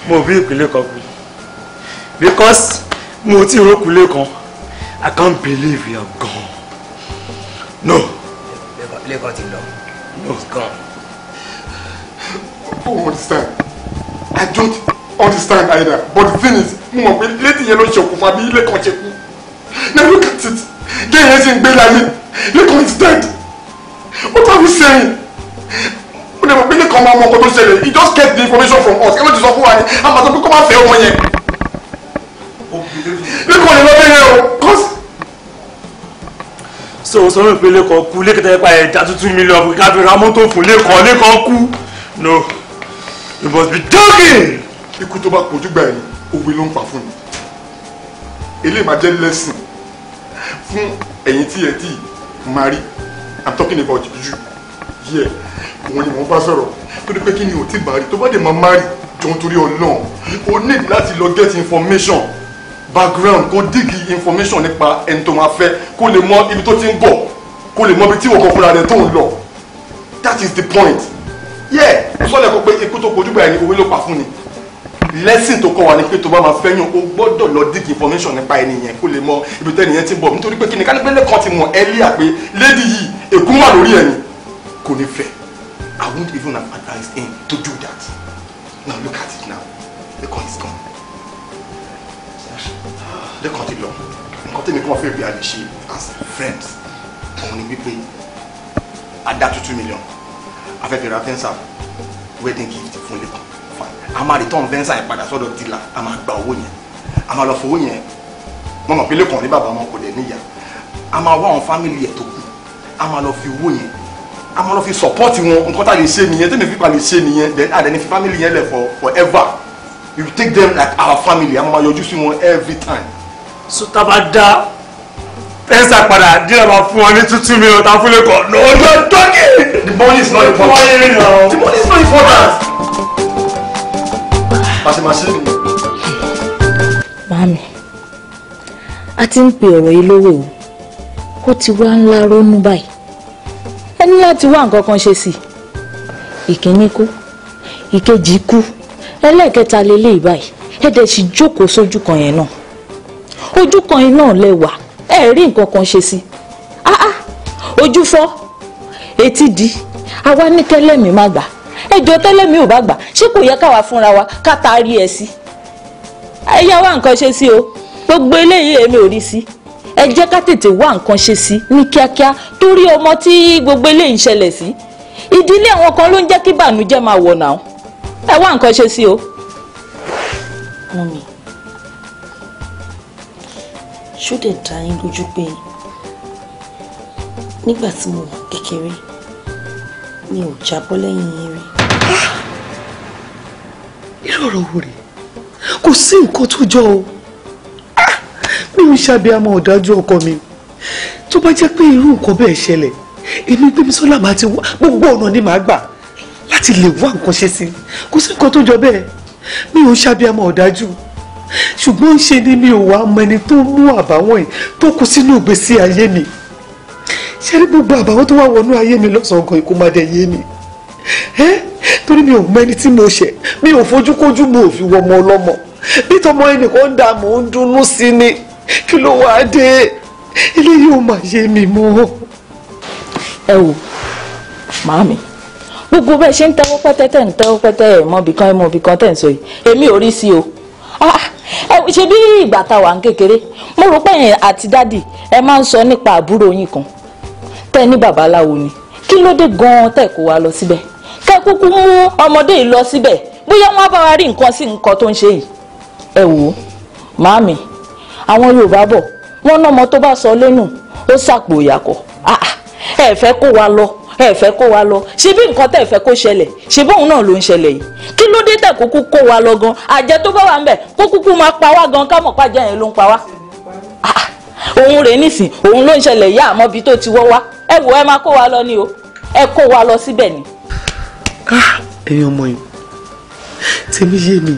mo bí ìpínlẹ̀ kan kú because mo ti rókùnlé kan I can't believe you are gone
no. lẹ́kọ̀ọ́ ti lọ. no it's gone. don't understand I don't understand either but the thing is mo mọ̀ pé létí yẹn ló ṣokùnfà bí lẹ́kọ̀ọ́ ṣe kú now look at it gẹ́gẹ́ ṣe ń gbé láyé lẹ́kọ̀ọ́ is dead what are we saying ó lè mọ̀ pé nìkan máa mọ ọkọ tó ṣẹlẹ̀ he just get the information from us kí ló ti sọ fún wa ni a máa sọ pé kó má fẹ́ ọmọ yẹn. lẹ́kọ̀ọ́
ni lọ́bẹ̀ yẹn o cause. so sọ wípé pé lẹ́kọ̀ọ́ kú lẹ́kẹ̀tẹ̀ yẹn pa ẹ̀dá tuntun mílíọ̀nù pé káfíń ra mọ́tò fún lẹ́kọ̀ọ́ lẹ́kọ̀ọ́ kú no you must
be joking. ikú tó bá kojú gbà yẹn òwe ló ń pa fún mi eléyìí máa jẹ́ lesson fún ẹ̀yin tí ẹ ti máa i'm talking about you yẹ òun ni mò ń bá sọ̀rọ̀ torí pé kí ni ò tí bá rí tó bá dé máa má rí jọ̀ọ́ torí ọlọ́run o need láti lọ get information background kó dig information nípa ẹni tó máa fẹ́ kó lè mọ ibi tó ti ń bọ̀ kó lè mọ ibi tí ìwọ̀n kan fúnra rẹ̀ tó ń lọ that is the point yeah sọlẹ̀ kó pé ikú tó kojú báyìí ni owó ló pa fún ni lesson tó kọ́ wa ni pé tó bá máa fẹ́yàn o gbọ́dọ̀ lọ dig information nípa ẹni yẹn kó lè mọ ibi tẹ́ni yẹn ti bọ̀ nítorí pé kí ni kánípẹ́lẹ́ kan ti mọ̀ ẹ́ lé àpé lady yìí èkú wà lórí ẹni kò ní I wouldn't even have advised him to do that now look at it now The coin is gone lẹ́kàn ti lọ nǹkan tẹ́mi kí wọ́n fẹ́ the a lè ṣe as friends òun ni wípé a that two two million I've fẹ́ fi ra fẹ́ǹsà wedding gift fún lẹ́kàn a máa return fẹ́ǹsà yẹn padà sọ́dọ̀ dìlà a máa gba owó yẹn a máa lọ fowó yẹn mọ̀mọ́ pé lẹ́kàn ní bàbá wọn kò a one wá àwọn fámìlì ẹ̀ tó a máa lọ fi a máa lọ fi support wọn nǹkan tá a lè ṣe nìyẹn tẹ́mi fipá lè ṣe nìyẹn then àdẹni fi family yẹn lẹ̀ for forever you take them like our family a máa yọjú sí wọn every time. so tábà dá pẹ́ńsà padà díẹ̀ máa fún ọ ní tútù mi ọ̀tá fúnlẹ̀ kan no no dọ́kì. the money is not important the money is not important. pàṣẹmàṣẹ mi.
màámi a ti ń pe ọ̀rọ̀ yìí lówó o
ó ti wá ńlá ronú báyìí ní láti wá nǹkan kan ṣe sí i ìkíní kú ìkejì kú ẹlẹ́ẹ̀kẹta lélẹ̀ ìbáyìí ẹ̀dẹ̀ sì jókòó sójú kan yẹn náà ojú kan yẹn náà lẹ́wà ẹ̀ rí nǹkan kan ṣe sí i ojú fọ́ etí di àwa ní kẹlẹ́mì má gbà ẹjọ́ tẹ́lẹ́mì ò bá gbà ṣé kò yẹ káwa fúnra wa ká taari ẹ̀ sí ẹ̀yà wa nǹkan ṣe sí o gbogbo eléyìí èmi ò rí sí i ẹ jẹ́ ká tètè wá nǹkan ṣe sí ní kíákíá torí ọmọ tí gbogbo eléyìí ń ṣẹlẹ̀ sí ìdílé àwọn kan ló ń jẹ́ kí bànújẹ́ máa wọ̀ náà ẹ wá nǹkan ṣe sí o. mọ́mí ṣó dẹ̀ dá yín lójú pé nígbà tí mo wà kékeré mi ò jábọ́ lẹ́yìn yín rí. Ah! irú ọ̀rọ̀ wo rèé kò sí nǹkan tó jọ o
èmi ṣàbíamọ ọ̀dájú ọkọ mi tó bá jẹ́ pé irú nǹkan bẹ́ẹ̀ ṣẹlẹ̀ èmi Gbémisọ́lá máa ti wá gbogbo ọ̀nà ni màá gbà láti lè wá nǹkan ṣe sí kò sí nǹkan tó jọ bẹ́ẹ̀ mi ò ṣàbíamọ ọ̀dájú ṣùgbọ́n ṣe ni mi ò wá mọ ẹni tó mú
àbáwọ̀n yìí tó kù sínú ìgbésí ayé mi ṣe rí gbogbo àbáwọ̀n tó wá wọnú ayé mi lọ́sàn-án kan má dẹ̀ yé mi torí mi ò mọ ẹni tí mo ṣẹ̀ mi ò fojúkojú mo ò fi wọ ọmọ ọlọ́mọ bí tọmọ ẹnìkan ń dààmú ń dunnú sí ni kí ló wáá dé eléyìí ò máa yé mi mọ́. ẹ wò
màámi gbogbo bẹ́ẹ̀ ṣe ń tẹ́wọ́ pẹ́tẹ́ tẹ̀ ń tẹ́wọ́ pẹ́tẹ́ ẹ̀ mọ́ bìkan ẹ̀ mọ́ bìkan ń sọ yìí èmi ò rí sí o ah, ṣe bí ìgbà tá wà ń kékeré mo rò pé ẹ̀yin àti dádì ẹ máa ń sọ nípa àbúrò yín kan tẹ́ ní babaláwo ni kí ló dé gan-an tẹ́ kó wa lọ síbẹ̀ kẹ́ kúkú mú ọmọdé yìí lọ síbẹ̀ bóyá wọ́n bá wa rí nǹkan sí nǹkan tó ń ṣe yìí ẹ wò ó màámi àwọn Yorùbá bọ̀ wọ́n náà ọmọ tó bá sọ lẹ́nu ó sàpò ìyàkọ̀ ah, ah, ẹ fẹ́ kó wa lọ ẹ fẹ́ kó wa lọ ṣebí nǹkan tẹ̀ fẹ́ kó ṣẹlẹ̀ ṣebí òun náà ló ń ṣẹlẹ̀ yìí kí ló dé tẹ̀ kúkú kó wa lọ gan àjẹ tó bá wà ń bẹ̀ kó kúkú máa pa wá gan ká mọ̀ pàjẹ́ yẹn ló ń pa wá ah, òun rèé nìsín òun ló ń ṣẹlẹ̀ yá àmọ́ bí tó ti wọ́ wá ẹ wò ẹ máa kó wa lọ ni o ẹ kó wa lọ síbẹ̀ ni.
ẹ̀yin ọmọ yìí tèmi yé mi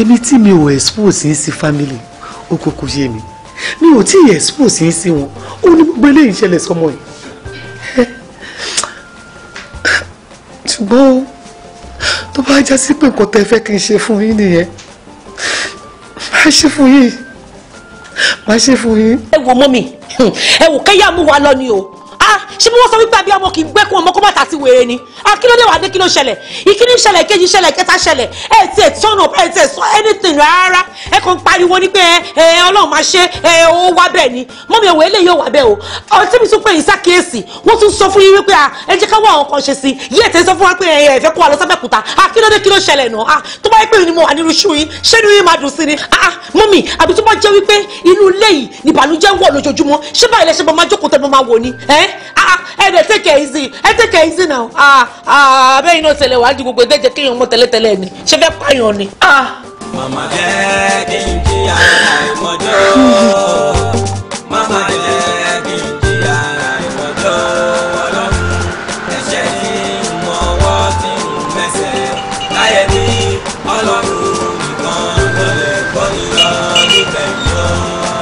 èmi tí mi ò expose sí family ó kúkú yé mi mi ò tí ì expose yín sí wọn ó ní gbogbo eléyìí ṣẹlẹ̀ sọmọ yìí ṣùgbọ́n tó bá já sí pé nǹkan
tẹ́ fẹ́ kí n ṣe fún yín nìyẹn máa ṣe fún yín máa ṣe fún yín. ẹ wo mọ́mì ẹ wò kẹ́yà mú wa lọ ni o ṣé bí wọ́n sọ wípé abiyamọ kì í gbẹ́kùn ọmọ kó má tàsí wèrè ni akílódé wà dé kí ló ṣẹlẹ̀ ìkíní ṣẹlẹ̀ kejì ṣẹlẹ̀ kẹta ṣẹlẹ̀ ẹ ti ẹ turn up ẹ ti ẹ sọ anything rárá ẹ kàn pariwo ni pé ẹ ọlọ́run máa ṣe ẹ ó wá bẹ́ẹ̀ ni mọ́mi ẹ̀wọ̀ eléyìí ó wá bẹ́ẹ̀ o ọtí mi tún pè yín sákèésì wọ́n tún sọ fún yín wípé ẹ jẹ́ ká wá àwọn kan ṣe sí yí ẹ̀ tẹ́ sọ fún wa pé ẹ fẹ́ kó wa lọ sábẹ́kúta akílódé kí ló ṣẹlẹ̀ náà tó bá yẹ pé ni mo wà nínú ṣú yín ṣé inú yín máa dùn sí ni mọ́mi àbí tó bá jẹ́ wípé inú ilé yìí ni ìbànújẹ́ wọ̀ lójoojúmọ́ ṣé báyìí lẹ ẹ dẹ̀ take it easy ẹ take it easy now ah, ah, abẹ́yìn náà tẹ̀lé wàá ju gbogbo ẹ̀ dẹ́jẹ́ kéèyàn mọ́ tẹ́lẹ̀tẹ́lẹ̀ ni
ṣé fẹ́ pààyàn ni. Ah. màmá jẹ́ kí n jí ara ìmọ̀jọ́ màmá jẹ́ kí n jí ara ìmọ̀jọ́ ẹ̀ṣẹ̀ tí mo wọ́ tí mo mẹ́sẹ̀ láyé ní ọlọ́run nìkan lọ́lẹ̀ gbọ́ni lọ nígbẹ̀yìn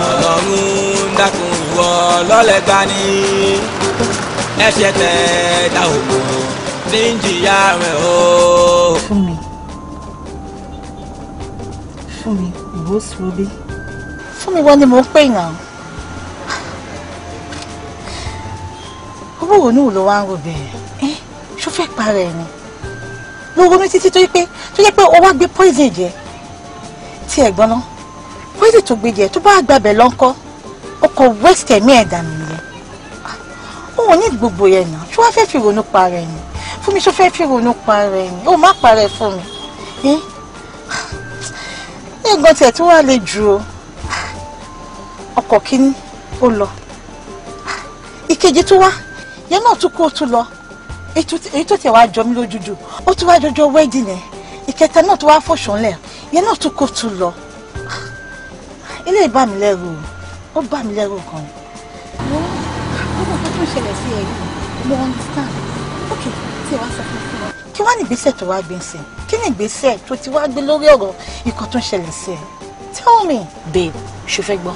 ọlọ́run dákun wọ lọ́lẹ̀ gbani ẹsẹ̀ tẹ̀ dá òkú ní jìyà rẹ̀ o. fún mi
fún mi ìwọ sùn bí fún mi wọn ni mo ń pè yàn owó òun ló wá ń ro bẹ́ẹ̀ ṣó fẹ́ para ẹ̀ ni ló ronú títí tó yẹ pé tó yẹ pé o wá gbé poison jẹ tí ẹ gbọ́n náà poison tó gbé jẹ tó bá gbàbẹ̀ lọ́ńkọ́ o kò waste ẹ̀mí ẹ̀dá mi nìyẹn òun ní gbogbo yẹn náà tí wọ́n fẹ́ fi ronú pa ara ẹni fún mi tó fẹ́ fi ronú pa ara ẹni ó má parẹ́ fún mi ní ẹ̀gbọ́n tiẹ̀ tó wà lè ju o ọkọ̀ kínní ó lọ ìkejì tó wá yẹn náà tún kó o tún lọ èyí tó tẹ̀ wá jọ mí lójújú ó tún wá jọjọ wedding ẹ̀ ìkẹta náà tó wá fòṣàn lẹ̀ yẹn náà tún kó o tún lọ ilé ìbámi lẹ́rù ó bá mi kan
ṣẹlẹ̀ sí ẹ yìí
mo understand ok tí wàá sọ fún fún wa. kí wàá ní ìgbésẹ̀ tó wá gbé sí kí ni ìgbésẹ̀ tó ti wá gbé lórí ọ̀rọ̀ ikọ̀ tó ń ṣẹlẹ̀ sí ẹ tell me. babe ṣe fẹ́ gbọ́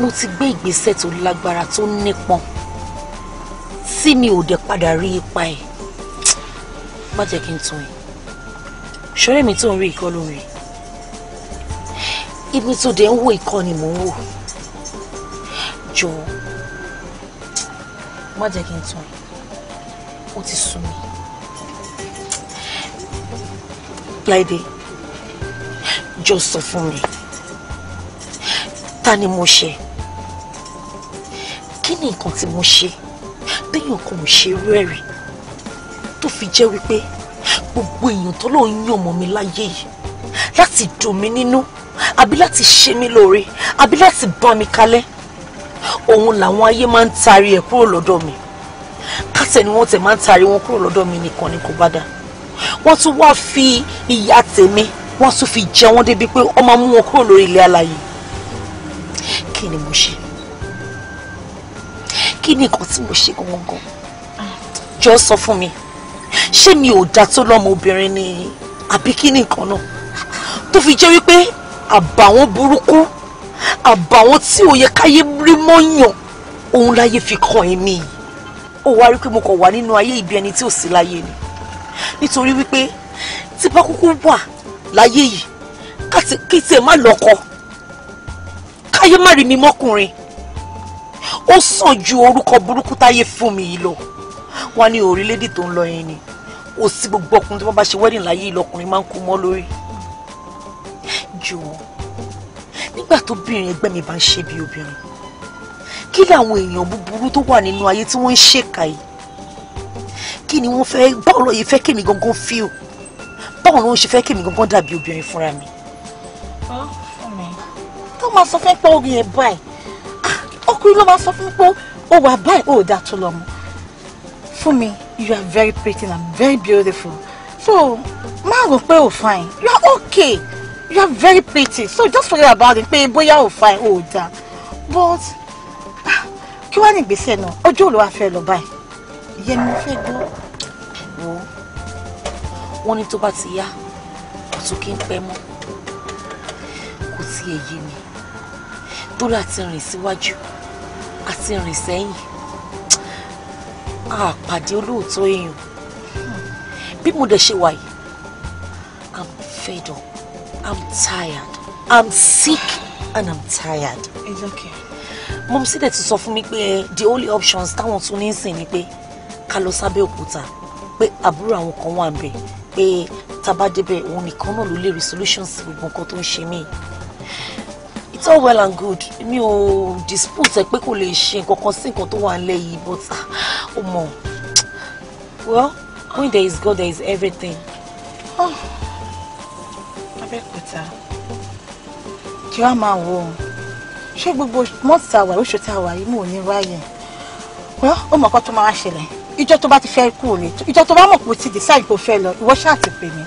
mo ti gbé ìgbésẹ̀ tó lágbára tó nípọn tí mi ò dẹ̀ padà rí ipa ẹ̀ má jẹ́ kí n tún ẹ̀ ṣọ́rẹ́ mi tó ń rí ikọ́ lórí ibi tó dẹ̀ ń wo ikọ́ ni mò ń wò jọ̀ọ́ má jẹ́ kí n tàn ẹ́ ó ti sú mi. láìdé jọ sọ fún mi ta ni mo ṣe kí ni nǹkan tí mo ṣe téèyàn kan ò ṣe irú ẹ̀ rí tó fi jẹ́ wípé gbogbo èèyàn tó lóun yàn mọ́ mi láyé yìí láti dùn mí nínú àbí láti ṣe mí lóore àbí láti bá mi kalẹ̀ òun làwọn ayé máa ń taari ẹ̀ kúrò lọ́dọ̀ mi kátẹ̀ ni wọ́n tẹ̀ máa ń taari wọn kúrò lọ́dọ̀ mi nìkan ni kò bá dà wọ́n tún wá fi ìyà tèmi wọ́n tún fi jẹ wọ́n débi pé wọ́n máa mú wọn kúrò lórí ilé aláyé kí ni mo ṣe kí ni nǹkan tí mo ṣe gangan jọ sọ fún mi ṣé mi ò dá tó lọ́mọbìnrin ni àbí kí ni nǹkan náà tó fi jẹ́ wípé àbàwọ́n burúkú àbàwọn tí ò yẹ káyé rí mọ́yàn òun láyé fi kàn ẹ́ mi yìí ó wá rí pé mo kàn wà nínú ayé ìbí ẹni tí ò sí láyé ni nítorí wípé tí bá kúkú wà láyé yìí kí tiẹ̀ má lọ́kọ káyé má rí mi mọ́kùnrin ó sàn ju orúkọ burúkú táyé fún mi yìí lọ wọn ní orílẹ̀-èdè tó ń lọ yẹn ni ó sì gbogbo ọkùnrin tó bá bá ṣe wedding láyé ìlọkùnrin máa ń kú mọ́ lórí jùwọ́n nígbà tó bìnrin ẹgbẹ́ mi bá ń ṣe bí obìnrin kí làwọn èèyàn búburú tó wà nínú ayé tí wọ́n ń ṣèkà yìí kí ni wọ́n fẹ́ báwo ló yẹ fẹ́ kémi gangan fíò báwo ló ń ṣe fẹ́ kémi gangan dàbí obìnrin fúnra mi. tó máa sọ fún pé ó yẹ báyìí ah, ọkùnrin ló máa sọ fún pé ó wà báyìí ó dà tó lọ fún mi you are very pretty and very beautiful so má rò pé o fine you are okay you are very pretty so just forget about it Pay boy, you fa ò dáa but kí wàá ní ìgbésẹ̀ náà ọjọ́ òlò wa fẹ́ lọ báyìí ìyẹn ni mo fẹ́ gbọ́ wò ó wọ́n ní tó bá ti yá kò tún kí n pẹ́ mọ́ kò tí èyí ni torí àti rìn síwájú àti rìn sẹ́yìn àpàdé olóòótọ́ èèyàn hmm. bí mo dẹ̀ ṣe wà i'm fed up. I'm tired. I'm sick and I'm tired. It's okay. Mom sì dẹ̀ ti sọ fún mi pé the only options táwọn tún ní sìn ni pé ká lọ sábẹ́ òkúta pé àbúrò àwọn kan wà níbẹ̀ pé tábà débẹ̀ òun nìkan náà ló lè rí solutions sí gbogbo nǹkan tó ń ṣe mí. It's all well and good mi ò dispute ẹ pé kò lè ṣe nǹkan kan sí nǹkan tó wà nílẹ̀ yìí but ah, ó mọ̀ well when there is God there is everything. Oh. Abẹ́òkúta kí wàá máa wò ó ṣé gbogbo mọ́tì tá a wà oṣù tá a wà yìí mò ń ní ráyè wọ́n ó mọ̀ kọ́ tó máa ṣẹlẹ̀ ìjọ tó bá ti fẹ́ kú rè ìjọ tó bá mọ̀ pé o ti decide kó fẹ́ lọ ìwọ ṣáà ti pè mí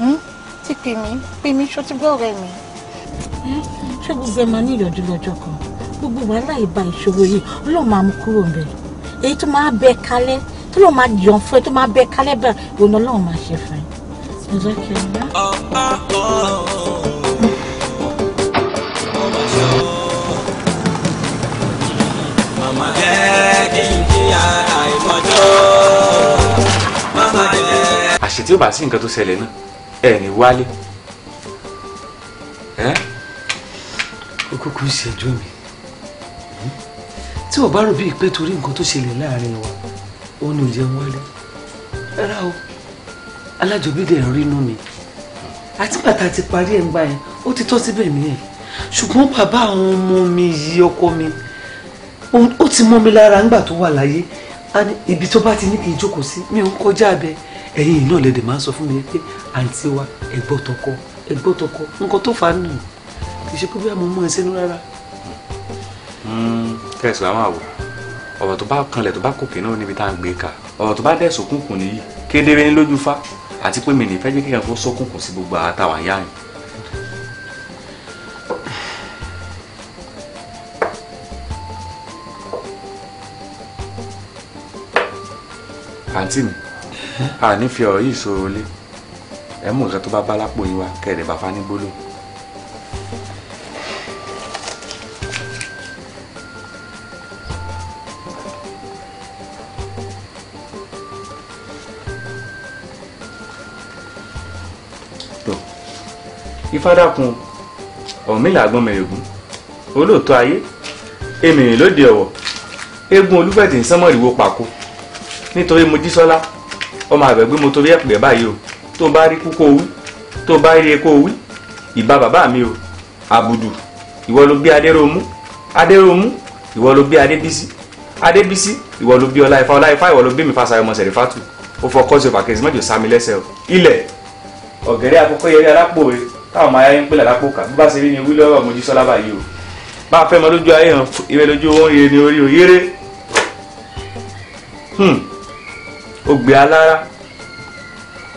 hmm? ti pè mí pè mí ṣó ti gbọ́ ọ̀rẹ́ mi. Hmm? ṣé gbogbo ẹ máa ní ìyọjú lọ́jọ́ kan gbogbo wàhálà ìbá ìṣòro yìí ọlọ́run máa mú kúrò ń bẹ̀ èyí tó máa bẹ kalẹ̀ tó lọ́ọ́ máa yàn fún ẹ tó máa bẹ kalẹ̀ bẹ́ẹ̀ òun ọlọ́run máa ṣe fún ẹ. Is it clean?
Yeah? Oh, oh, oh.
Mama ẹ kí n jìyà àìmọ̀jọ́. Mama ẹ. Àṣé tí ó bá sí nǹkan tó ṣẹlẹ̀ náà, ẹ ní wálé.
Ó kúkú ń ṣẹjọ́ mi. Tí ò bá rò bíi pé torí nǹkan tó ṣẹlẹ̀ láàrin wa, ó ní ò jẹun wálé. Ẹ o alájọbí dẹ̀ ń rínú mi àti bàtà ti parí ẹ̀ ń gbà yẹn ó ti tọ́ síbẹ̀ mí ẹ̀ ṣùgbọ́n bàbá àwọn ọmọ mi yìí ọkọ mi ó ti mọ́ mi lára ńgbà tó wà láyé ibi tó bá ti ní kí n jókòó sí mi ò ń kọjá abẹ ẹ̀yin náà lẹ́dẹ̀ máa ń sọ fún mi pé àǹtí wa ẹ̀gbọ́n tọkọ ẹ̀gbọ́n tọkọ nǹkan tó fà á nù kì í ṣe pé bí àmọ́ mọ́ ẹ sínú rárá.
Hmm, kẹsàn-án àwọn àwò ọ̀rọ̀ tó bá kanlẹ̀ tó bá kòkè náà níbi tá à ń gbé ka ọ̀rọ̀ tó bá dẹ̀ sókùnkùn nìyí kedere ní àti pé mi ní fẹ́ jẹ́ kí ẹ̀kọ́ sọ́kùnkùn sí gbogbo àtàwọn àyà yìí. àǹtí mi a ní fi ọ̀rọ̀ yìí sọ̀rọ̀ lé ẹ̀ mú nǹkan tó bá bá lápò yín wá kẹ̀rẹ̀ bàbá ní gbólóhùn. ìfádàkùn ọ̀mìnlá àgbọ̀n mẹ̀rẹ̀gùn olóòótọ́ ayé èmìrìn lóde ọ̀wọ̀ eégún olúfẹ̀tì ń sánmọ́ ìwò pàkó nítorí mo jísọ́lá ọmọ àgbẹ̀ gbé mo torí ẹ̀pẹ̀ báyìí o tó bá rí kúkó owí tó bá rí ekó owí ìbá bàbá mi o àbùdù ìwọ ló bí adéròmú adéròmú ìwọ ló bí adébísí adébísí ìwọ ló bí ọlá ifá ọlá ifá ìwọ ló bí mi fásayọmọ sẹrífàtù ó fọkọ sí ọfà kẹsì mọjọ sámi lẹsẹ o ilẹ ọgẹrẹ àkọ́kọ́ yẹrí alápò rẹ táwọn ọmọ ayáyé ń pè lálàpò kà bí bá ṣe rí ni wí lọ́rọ̀ Mojísọ́lá báyìí o máa fẹ́ mọ lójú ayé hàn ìwé lójú owó ń yé ni orí òyéré ògbé hmm. alára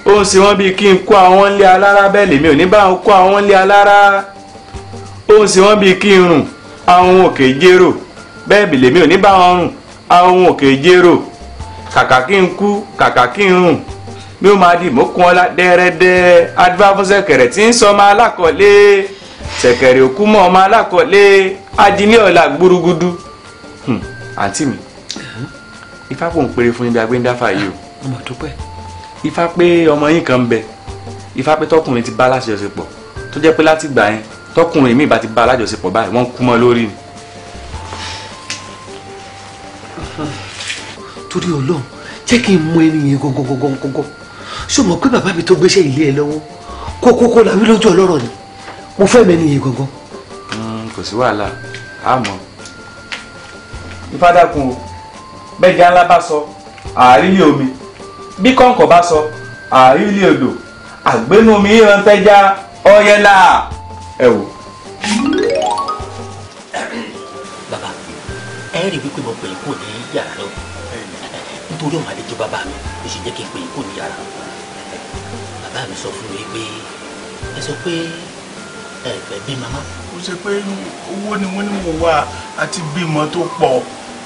ó ń ṣe wọ́n bíi kí n kó àwọn ńlé alára bẹ́ẹ̀ lèmi ò ní bá wọn kó àwọn ńlé alára ó ń ṣe wọ́n bíi kí n rùn àwọn òkè jérò bẹ́ẹ̀ bì lèmi ò ní bá wọn rùn àwọn òkè jérò kàkà kí n kú kàkà kí n rùn bí ó máa di mọ́kún ọlá dẹ́rẹ́dẹ́ adúbá fún ṣẹ̀kẹ̀rẹ̀ tí ń sọ ọmọ alákọ̀ọ́lé ṣẹ̀kẹ̀rẹ̀ òkú mọ́ ọmọ alákọ̀ọ́lé ajílẹ̀ ọ̀la gbúrúgudu hmm, àǹtí mi ifá kò ń péré fún yín bí agbẹ́ńdáfà yìí o ọmọ tó pẹ́ ifá pé ọmọ yín kan ń bẹ ifá pé tọkùnrin ti bá aláṣẹṣepọ̀ tó jẹ́ pé láti gbà yẹn tọkùnrin míì bá ti bá alájọṣepọ̀ báyìí wọ́n kú mọ́ lórí ni. torí
ọlọ́run jẹ́ kí n mú ẹni yẹn gangan ṣó mọ̀ pé bàbá mi tó gbéṣẹ́ ilé ẹ lọ́wọ́ kókókó la wí lójú ọlọ́rọ̀ ni mo fẹ́ mẹ́ni yìí gangan.
Hmm, kò sí wàhálà àmọ́ ìfádàkùn o bẹ́ẹ̀ ńlá bá sọ àárílé omi bí kọ̀ǹkọ̀ bá sọ àárílé odò àgbénu omi ìran tẹ́já ọ̀yẹ́là ẹ wò. bàbá ẹ rí wípé mo pè é kò ní yàrá lọ
nítorí ọmọ àlejò bàbá mi ó sì jẹ́ kí n pè é kò ní yàrá lọ bàbá mi sọ fún mi pé ẹ sọ pé ẹ fẹ́ bí màmá. ó ṣe pé owó ni wọ́n ní mo wá àti bímọ tó pọ̀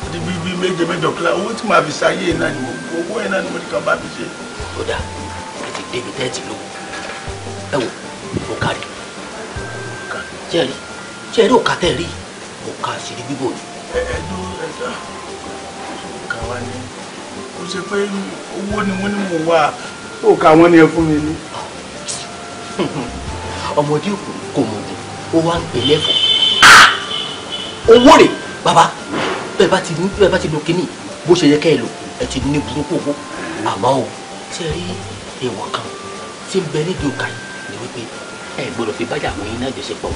àti bíbí méje méjọ kílá owó tí màá fi ṣayé náà ni mo owó yẹn náà ni mo ní kàn bá mi ṣe. ó dà ẹ ti débi tẹ́ẹ̀tì lówó ẹ wò ó kárí jẹ́rìí jẹ́rìí òkà tẹ̀ rí òkà àṣírí bíbò ni. ẹ ẹ dúró ẹ dá òkà wa ni ó ṣe pé owó ni wọ́n ní mo wá o ka wọ́n ní ẹ fún mi ní. ọmọdé òkú kò mọ̀ ọ́ wá ń pèlẹ́ fún ah! owó rẹ̀ bàbá bẹ́ẹ̀ bá ti bẹ́ẹ̀ bá ti lo kínní bó ṣe yẹ kẹ́ ẹ lò ẹ ti ní burúkú owó àmọ́ o ṣe rí èèwọ̀ kan tí ń bẹ nídìí
òkà yìí ni wípé ẹ gbọ́dọ̀ fi báyàwó yín náà jọṣepọ̀.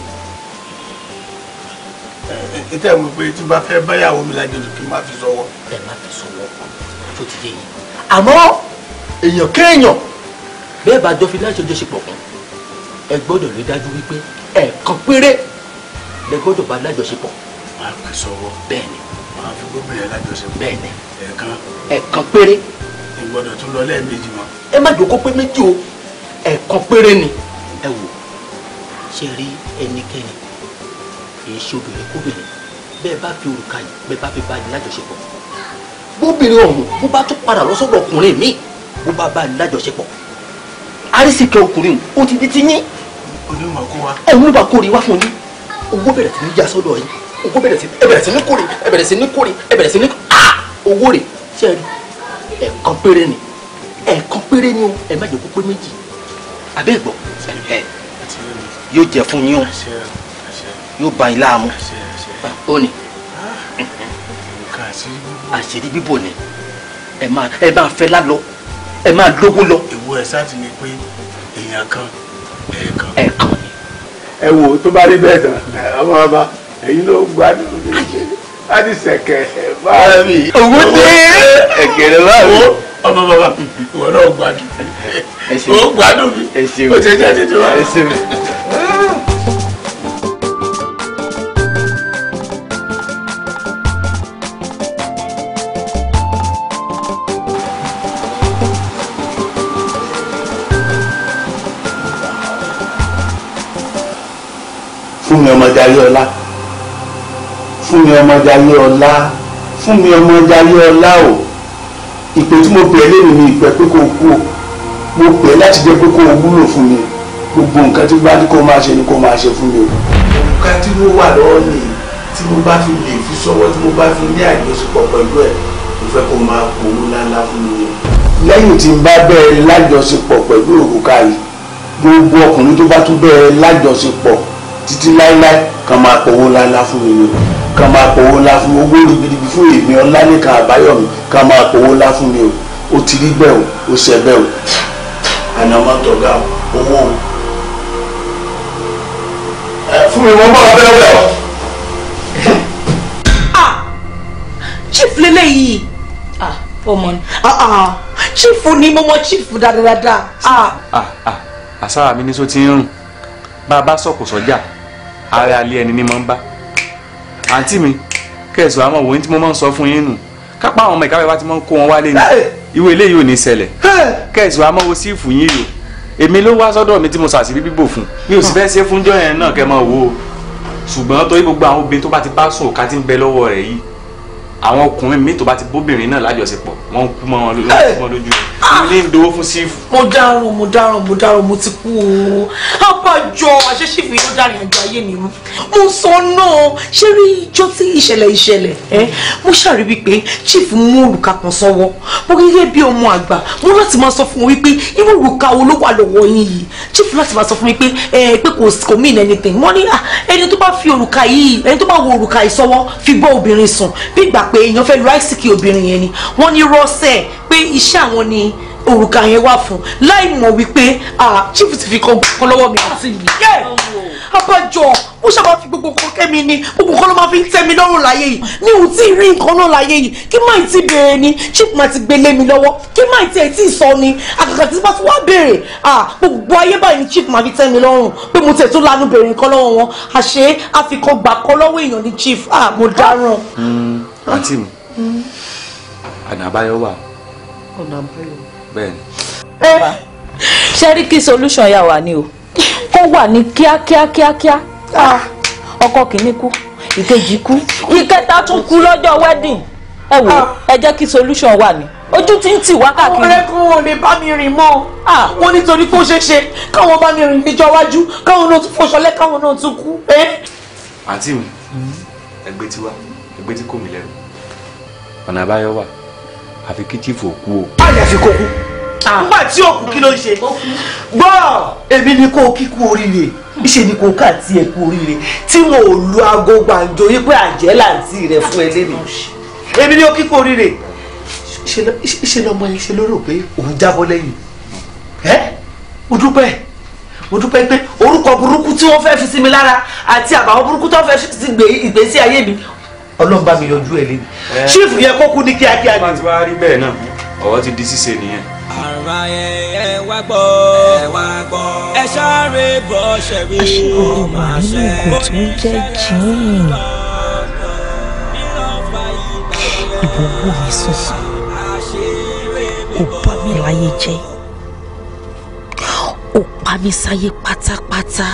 ẹ tẹ́ mọ̀ pé tí bá fẹ́ báyàwó mi lájọ lò kí n má fi sọ́wọ́. ẹ má fi sọ́wọ́ tó ti yé yín àmọ́ èèyàn kéèyàn bẹ́ẹ̀ bá jọ fi láṣẹ ọjọ́ṣepọ̀ kan ẹ gbọ́dọ̀ lè dájú wípé ẹ̀ẹ̀kan péré lẹ gbọ́dọ̀ bá lájọṣepọ̀. máa pè sọ́wọ́ bẹ́ẹ̀ ni. máa fi gómìnà lájọṣepọ̀ bẹ́ẹ̀ ni. ẹ̀ẹ̀kan. ẹ̀ẹ̀kan péré. ẹ gbọ́dọ̀ tún lọ lẹ́ẹ̀mejì mọ́. ẹ má jókòó pé méjì o ẹ̀ẹ̀kan péré ni. ẹ wò ṣe rí ẹnikẹ́ni kìí ṣe obìnrin kóbìnrin bẹ́ẹ̀ bá fi òrùka yìí bẹ́ẹ̀ bá fi bá ní lájọṣepọ̀ bóbìnrin ọ̀hún bó bá tún padà lọ ó bá bá ní lájọṣepọ̀ arísìkẹ́ ọkùnrin ó ti di ti yín òun ló bá kórè wá fún yín owó bẹ̀rẹ̀ sí ní já sọ́dọ̀ yín owó bẹ̀rẹ̀ sí ẹbẹ̀rẹ̀ sí ní kórè ẹbẹ̀rẹ̀ sí ní kórè ẹbẹ̀rẹ̀ sí ní ah! owó rẹ̀ ṣe rí ẹ̀ẹ̀kan péré ni ẹ̀ẹ̀kan péré ni o ẹ̀ má jẹ́ kó pé méjì abẹ́ ẹ̀gbọ́ ẹ̀ yóò jẹ fún yín o yóò bá yín láàmú ó ní ah! àṣírí bíbò ni ẹ máa fẹ́ lálọ́ ẹ máa lówó lọ. ìwọ ẹ sáàtì ni pé èèyàn kan ẹ̀ẹ̀kan. ẹ̀ẹ̀kan ni. ẹ wo tó bá rí bẹ́ẹ̀ tán ọmọ ọba ẹ̀yin ló gbádùn láti sẹ̀kẹ̀ báyìí mi. owó dé ẹ̀gẹ̀rẹ̀ báyìí. owó ọmọ bàbá ìwọ náà gbádùn ó gbádùn mi ó ṣe jáde tó wà. fún mi ọmọ jayé ọlá fún mi ọmọ jayé ọlá fún mi ọmọ jayé ọlá o ìpè tí mo pè é lẹ́nu mi ìpè pé kò kú o mo pè é láti jẹ́ pé kò wúlò fún mi gbogbo nǹkan tí bá ní kó máa ṣe ni kó máa ṣe fún mi o. nǹkan tí mo wà lọ́wọ́ nìyí tí mo bá fi lè fi sọ́wọ́ tí mo bá fi ní àjọṣepọ̀ pẹ̀lú ẹ̀ mo fẹ́ kó máa kówó lálá fún mi. lẹ́yìn tí n bá bẹ̀rẹ̀ lájọṣepọ̀ pẹ̀lú òrùka yìí gbogbo ọkùnrin tó bá tún bẹ̀rẹ̀ lájọṣepọ̀ títí láíláí kan máa pọ̀wó láíláí fún mi ni kan máa pọ̀wó láíláí fún mi owó ribiribi fún èmi ọlá nìkan àbáyọ̀mí kan máa pọ̀wó láíláí fún mi o ó ti rí bẹ́ẹ̀ o ó ṣe bẹ́ẹ̀ o ànàmọ́ tọ̀gá owó o. ẹ fún mi wọ́n bá ọ bẹ́ẹ̀ wẹ̀
ọ́. chief lélẹ́yìí ah, ọmọ ni ah, ah, chief ni mo mọ chief dáadáa.
àṣà mi ní so ti ń rùn bá a bá sọ̀kò sọ́jà. So ara alẹ́ ẹni ni mo ń bá àǹtí mi kẹ̀sùn àmọ́ wòye tí mo máa ń sọ fún yín nù kápá àwọn ọmọ ìkàwé wa ti máa ń kó wọn wálé ni ìwé eléyìí ò ní ṣẹlẹ̀ kẹ̀sùn àmọ́ wo sí ìfù yín yìí o èmi ló wá sọ́dọ̀ mi tí mo sàṣìbí bíbò fún mi ò sì fẹ́ ṣe fúnjọ́ yẹn náà kẹ́ máa wò ó ṣùgbọ́n torí gbogbo àwọn obìnrin tó bá ti bá sùn ká àwọn ọkùnrin mi tó bá ti bóbìnrin náà lájọṣepọ̀ wọ́n ń kú mọ́ wọn lójú ilé ń dowó fún sífù.
mo dárò mo dárò mo dárò mo ti kú
o abájọ àṣẹṣìfì yóò dárin àjọ ayé mi mú mo sọ náà ṣé rí ijó tí ìṣẹ̀lẹ̀ ìṣẹ̀lẹ̀ ẹ mo ṣàríwí pé chief mú òrùka kan sọ́wọ́ mo gẹ́gẹ́ bí ọmọ àgbà mo láti máa sọ fún wọn wípé irú òrùka wo ló wà lọ́wọ́ yín yìí chief láti máa sọ fún mi pé ẹ pé kò kò mean anything mo ní ah, ẹni tó bá fi òrùka yìí ẹni tó bá pé èèyàn fẹ́ lu àìsíkì obìnrin yẹn ni wọ́n ní rọ́ọ̀sẹ̀ pé iṣẹ́ àwọn ni òrùka yẹn wà fún láì mọ̀ wípé chief ti fi kan kan lọ́wọ́ mi àti mi. abájọ mo ṣàbá fi gbogbo nǹkan kẹ́mi ni gbogbo nǹkan ló máa fi ń tẹ́ mi lọ́rùn láyé yìí ní òun tí ì rí nǹkan náà láyé yìí kí má ì tí béèrè ni chief máa ti gbélé mi lọ́wọ́ kí má ì tí ì tí ì sọ ni àkàkà tí bá ti wá béèrè gbogbo ayé báyìí ni chief máa fi tẹ́ mi lọ́rùn pé mo tẹ̀ tó lanu béèrè nǹkan lọ́wọ́ wọn àṣé àfikàn gbà kan lọ́wọ́ èèyàn ni chief mo dáràn.
Hmm àǹtí mi ọ̀nà àbáyọ wà. ọ̀nà àbáyọ. bẹ́ẹ̀ni.
ẹ ṣẹ́ríkì solution yà wà ní o kó wà ní kíákíá kíákíá ah. ah, ọkọ kìíní kú ìkejì kú ìkẹta tún kú lọ́jọ́ wedding ẹ wò ah. ẹ jẹ́ kí solution wà ní ojú tí ń tì wá káàkiri. àwọn ọ̀rẹ́kùn ò lè bá mi rìn mọ́ wọn nítorí tó ṣeé ṣe káwọn bá mi rìn níjọ́ iwájú káwọn náà tún fọṣọlẹ́ káwọn náà tún kú. Eh?
àǹtí mi hmm. ẹgbẹ́ tiwa gbé tí kò mí lẹ́rù ọ̀nà àbáyọ wà àfi kí
chief òkú o. báyà fi kó kú ah. nígbà tí
òkú kí ló ń ṣe gbọ́
èmi ni kó kíkú oríire ìṣe ni kó kà tí kú oríire tí mo lu aago gbàǹjo
yí pé àjẹ́ làǹtí rẹ̀ fún ẹ lẹ́nu oh, èmi ni ó kíkú oríire ìṣe lọmọ yẹn ṣe ló rò pé òun jábọ́ lẹ́yìn ẹ́ mo dúpẹ́ mo dúpẹ́ pé orúkọ burúkú tí wọ́n fẹ́ fi sí mi lára àti àbàwọ́n burúkú tí fẹ́ fi sí ìgbésí
ayé mi ọlọ́run bá mi yọjú ẹ̀ lé chief yẹ kó kú ní kíákíá ni. bá ti rí bẹ́ẹ̀ náà ọ̀rọ̀ ti di ṣíṣe nìyẹn. ara ẹ ẹ wá gbọ́ ẹ wá
gbọ́ ẹ sáré bọ́ ṣẹ̀rí ọmọ àṣẹ bó ní ṣẹ̀rí
ìbọ̀wọ́ mi sọ̀sọ̀
kò bá mi láyé jẹ́ ó pa mí sáyé pátápátá.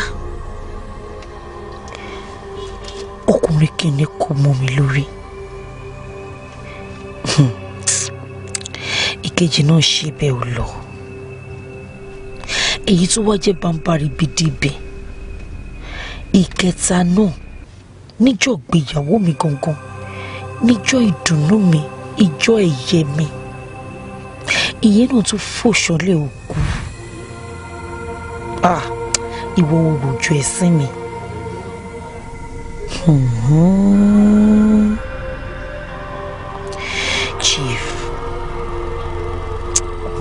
ọkùnrin kìíní kò mọ́ mi lórí hmm. ìkejì náà ṣe bẹ́ẹ̀ ò lọ èyí tó wá jẹ́ bambari bidibẹ̀ ìkẹta náà níjọ́ gbéyàwó mi gangan níjọ́ ìdùnnú mi ìjọ́ ẹ̀yẹ mi ìyẹn náà tún fòṣọlẹ̀ òkú ah ìwọ òròjọ ẹ̀sìn mi mm Chief,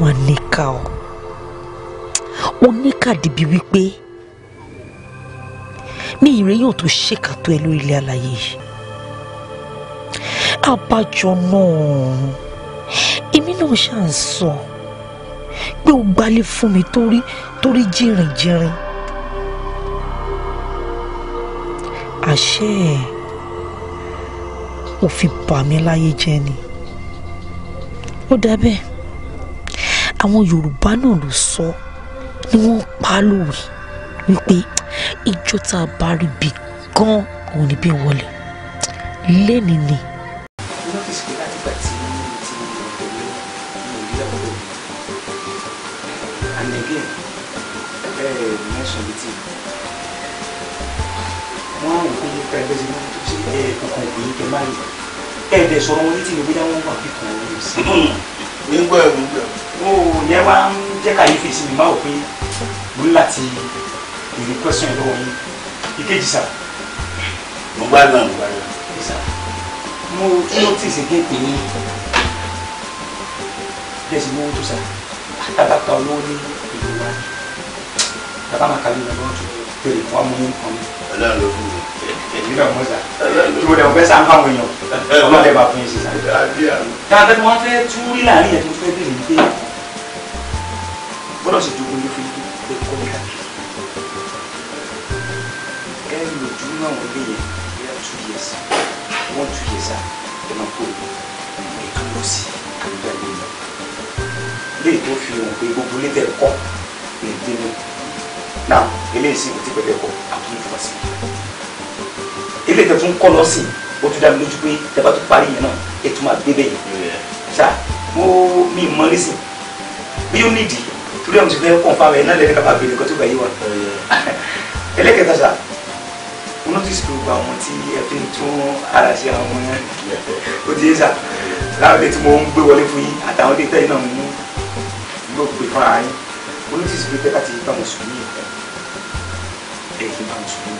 wọ́n ní ká o, wọ́n ní ká dìbí wípé ní ìrẹ́ yóò tó ṣèkàtó ẹ lórí ilé àlàyé yìí. Abájọ náà, èmi náà ṣáà ń sọ pé ó gbalé fún mi torí torí jìnrìnjìnrìn. àṣé ẹ̀ ò fi bà mí láyé jẹ́ ni ó dábẹ́ àwọn Yorùbá náà ló sọ ni wọ́n pa á lòwe wípé ìjọ tá a bá rí bi gan-an òun ni bí wọlé lẹ́nìí ni.
fẹ́ gbé sínú ẹ kankan òbí kẹ má rí ẹ dẹ̀ sọ̀rọ̀ wọn létí ni bóyá wọ́n wà kíkan òun sí. nígbà nígbà. o yẹn wá ń jẹ́ kàyéfì sí mi o wò pé mo ní láti béèrè pẹ́sùn ẹ̀ lọ́wọ́ yín ìkejì sà. mo gbá náà mo gbá náà. mo notice again pé bẹ́ẹ̀ sì ni owó tó sà àtàbàtà olówó ní ìlú wa
ni bàbá màkàlí lọ́wọ́ tó bèrè wọ́n mú nǹkan mi. ọlọ́run ló fún mi èmi náà mọ̀ sá tí mo dẹ̀ mo fẹ́ sá ń fáwọn èèyàn ọlọ́dẹ bá fún yín sísá. dáadáa tí wọ́n fẹ́ tún rí láàrin yẹn tó fẹ́ bèrè ní pé bọ́dọ̀ sì dúró ní fi pé kó mi káàkiri ẹ lòdù náà wọ́n lé yẹn bí a two years one two
years ah ẹ máa kó ẹ kàn lọ sí àgbà yìí lọ lè tó fi hàn pé gbogbo ilé tẹ̀ kọ́ lè dé ní
náà eléyìí sì ti pẹ̀lẹ́ kọ́ àtúntò wá sí i ilé ìtẹ̀ tún kọ́ lọ sí ó tún dá mi lójú pé tẹ́bá tó parí yẹn náà ètò máa débẹ̀ yẹn ṣá mo mi mọ rísì bí ó nídìí torí àwọn ti fẹ́ kàn fáwọn ẹ̀ náà lẹ́nu kápá bèrè nǹkan tó gbà yí wa ẹlẹ́kẹ̀ta ṣá mo notice pé gbogbo àwọn tí ẹ fi ń tún ara ṣe àwọn ó ti yé ṣá láwọn ilé tí mo ń gbé wọlé fún yín àtàwọn ilé tẹ́yìn náà mú ló pè fún ara yín mo notice pé tẹ́ka ti bá mùsùlùmí ẹ̀ kí n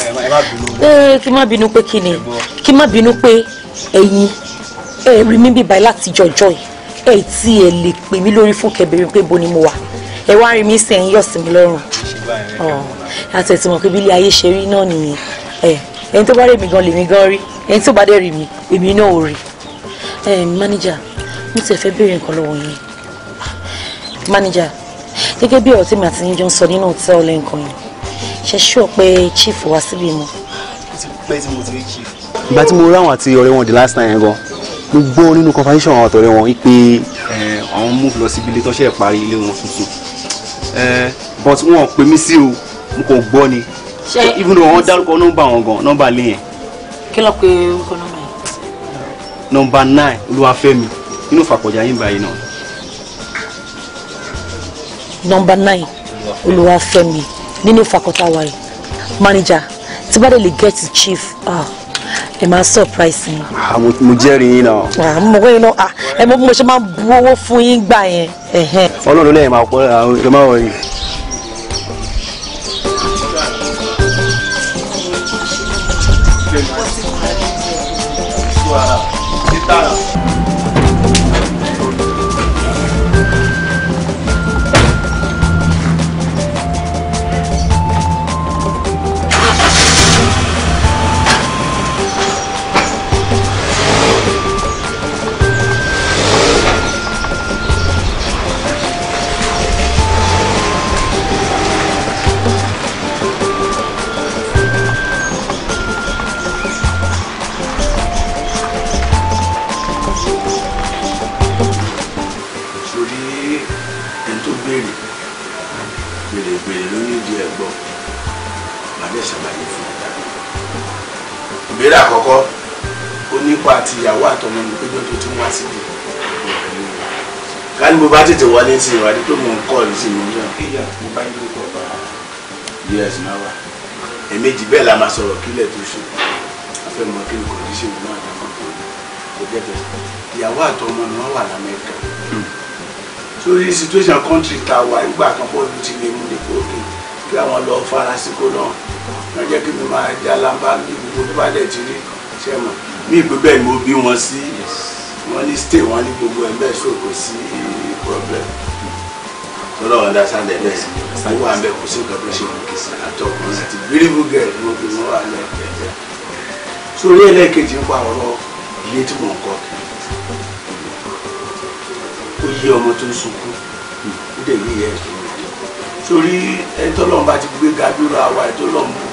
ee kí má bínú pé kí ni kí má bínú pé ẹ̀yin ẹ rí mi bíbá láti jọjọ́ yìí ẹ tí ẹ lè pè mí lórí fún kẹbẹrẹ pé bo ni mo wà ẹ wá rí mi sẹ́yìn yọ̀ sí mi lọ́rùn àti ẹ̀tìmọ̀ pé bí ilé ayé ṣe rí náà nìyẹn ẹni tó bá rí mi gan lèmi gan rí ẹni tó bá dẹ̀ rí mi èmi náà ò rí mánìjà mo ti fẹ́ béèrè nǹkan lọ́wọ́ yẹn mánìjà gẹ́gẹ́ bí ọ̀rọ̀ tí mi àti yín jọ ń sọ nínú òtẹ́ọ̀lẹ́ nǹkan yẹn ṣe ṣúọ pé chief wá síbí mu.
ìgbà tí mo rí àwọn àti ọ̀rẹ́ wọn the last time yẹn gan mo gbọ́ nínú conversation àwọn àtọ̀rẹ́ wọn pé
àwọn move lọ síbi ilé tọ́ṣẹ́ parí ilé wọn tuntun but wọn pè mí sí o mo kò gbọ́ ni e, even though wọn dárúkọ nọ́mbà wọn gan nọ́mbà lé yẹn. kí ló pe orúkọ nọ́mbà yẹn. nọ́mbà nine olúwafẹ́mi inú fàkọ̀jà yín báyìí náà.
nọ́mbà nine olúwafẹ́mi nínú fakọta wa manager tí bá dé lè get to chief ah, ẹ máa surprise mi.
Ah, mo jẹ́rìí yín náà.
Ah, mo gbé yín náà ẹ mọ bí mo ṣe máa bu owó fún yín gbà yẹn.
ọlọ́run ló lẹ́yìn máa pọ́ ẹ máa wọ̀ ìyàwó àtọmọ mi péjọ tó tún wá síbi ká ní mo bá tètè wọlé sí ìwádìí tó mò ń kọ́ ọ̀rọ̀ sí mi ní ọ̀hún. mo bá yí orúkọ bá us náà wá èméjì bẹ́ẹ̀ la máa sọ̀rọ̀ kílẹ̀ tó ṣe afẹ́ mọ kí n kò ní ṣèlú náà dáná kò jẹ́ bẹ́ẹ̀ ìyàwó àtọmọ ni wọ́n wà lamẹ́ríkà sórí situation country ta wà nígbà kan bọ́ọ̀lù ti lè mú nípò òkè kí àwọn lọ farasíkó náà wọ́n jẹ́ kí mi máa já lámbá níbi gbogbo tó bá dẹ̀ ti rí ṣẹ́mọ̀ bí ìpè bẹ́ẹ̀ mo bí wọn sí wọ́n ní stay wọ́n ní gbogbo ẹ̀ bẹ́ẹ̀ ṣòkò sí problem tọ́lọ́ wọn dá sáńdẹ̀ bẹ́ẹ̀ sí ó wà bẹ́ẹ̀ kò sí nǹkan tó ṣe wọn kìsì àtọkùn sí ti bíríbù gẹ̀ẹ́ ló fi wọ́n wà lẹ́ẹ̀kẹ́jẹ́ sórí ẹlẹ́ẹ̀kejì ń pa ọ̀rọ̀ ilé tí mò ń kọ́ ó yí ọmọ tó ń sunkún ó dẹ̀ yí ẹ̀ tó ń lọ sórí ẹni tọ́lọ́run bá ti gbé ga dúró àwa ẹ̀ tó lọ́ mọ̀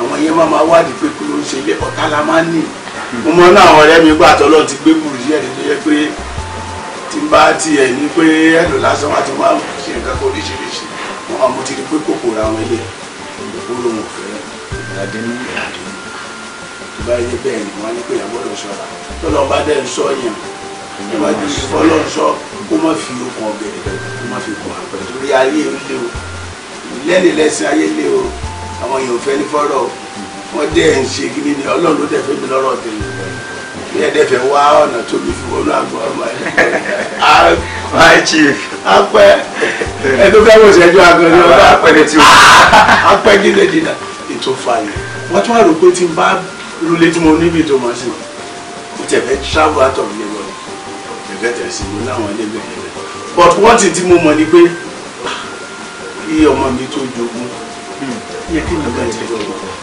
àwọn yẹn máa máa wádìí pé kí ló ń ṣe ilé ọ̀tá la máa ń nìyí mo mọ náà àwọn ọ̀rẹ́ mi gbà tọ́lọ́ ti gbé kùrù yẹ̀ ní tó yẹ pé tí n bá tiẹ̀ ní pé ẹ̀lò lásán wá ti máa ń ṣe nǹkan kó oríṣiríṣi wọn àmọ́ ti di pé kòkòrò àwọn ilé ìdókòwò lòun fẹ́ ìdádé ní ìdádé ní tó bá yẹ bẹ́ẹ̀ ni wọ́n á ní pé ìyàwó lọ sọ́ra tọ́lọ́ bá dẹ́ ń sọ yẹn níwájú ìfọlọ́ sọ kó má fi okùn ọ̀bẹ kó má fi kùn àpẹ torí ayé ń o lẹ́nìí lẹ́sìn ayé lé o àwọn èèyàn fẹ́ ní fọ́rọ̀ o wọ́n dẹ̀ ń ṣe kíní ni ọlọ́run ló dẹ̀ mi lọ́rọ̀ tèmi ní ẹ̀dẹ̀ fẹ́ wá ọ̀nà tó mi fi wọnú àgọ́ ọmọ ẹ̀. my chief. apẹ ẹnu fẹ́ wò sẹ́jú àgọ́ ni ọba apẹ̀lẹ̀ tí o. apẹ dídẹ dídà ètò fààyè wọ́n tún wà rò pé tí n bá rúlé tí mo níbi tó mọ̀ sí mo tẹ̀ fẹ́ travel out of Lagos ẹ̀fẹ́ tẹ̀ sí mo láwọn ẹlẹ́gbẹ̀ẹ́ but wọ́n ti tí mo mọ̀ ni pé ah, kí ọmọ mi tó jogún yẹ kí nìkan ti lọ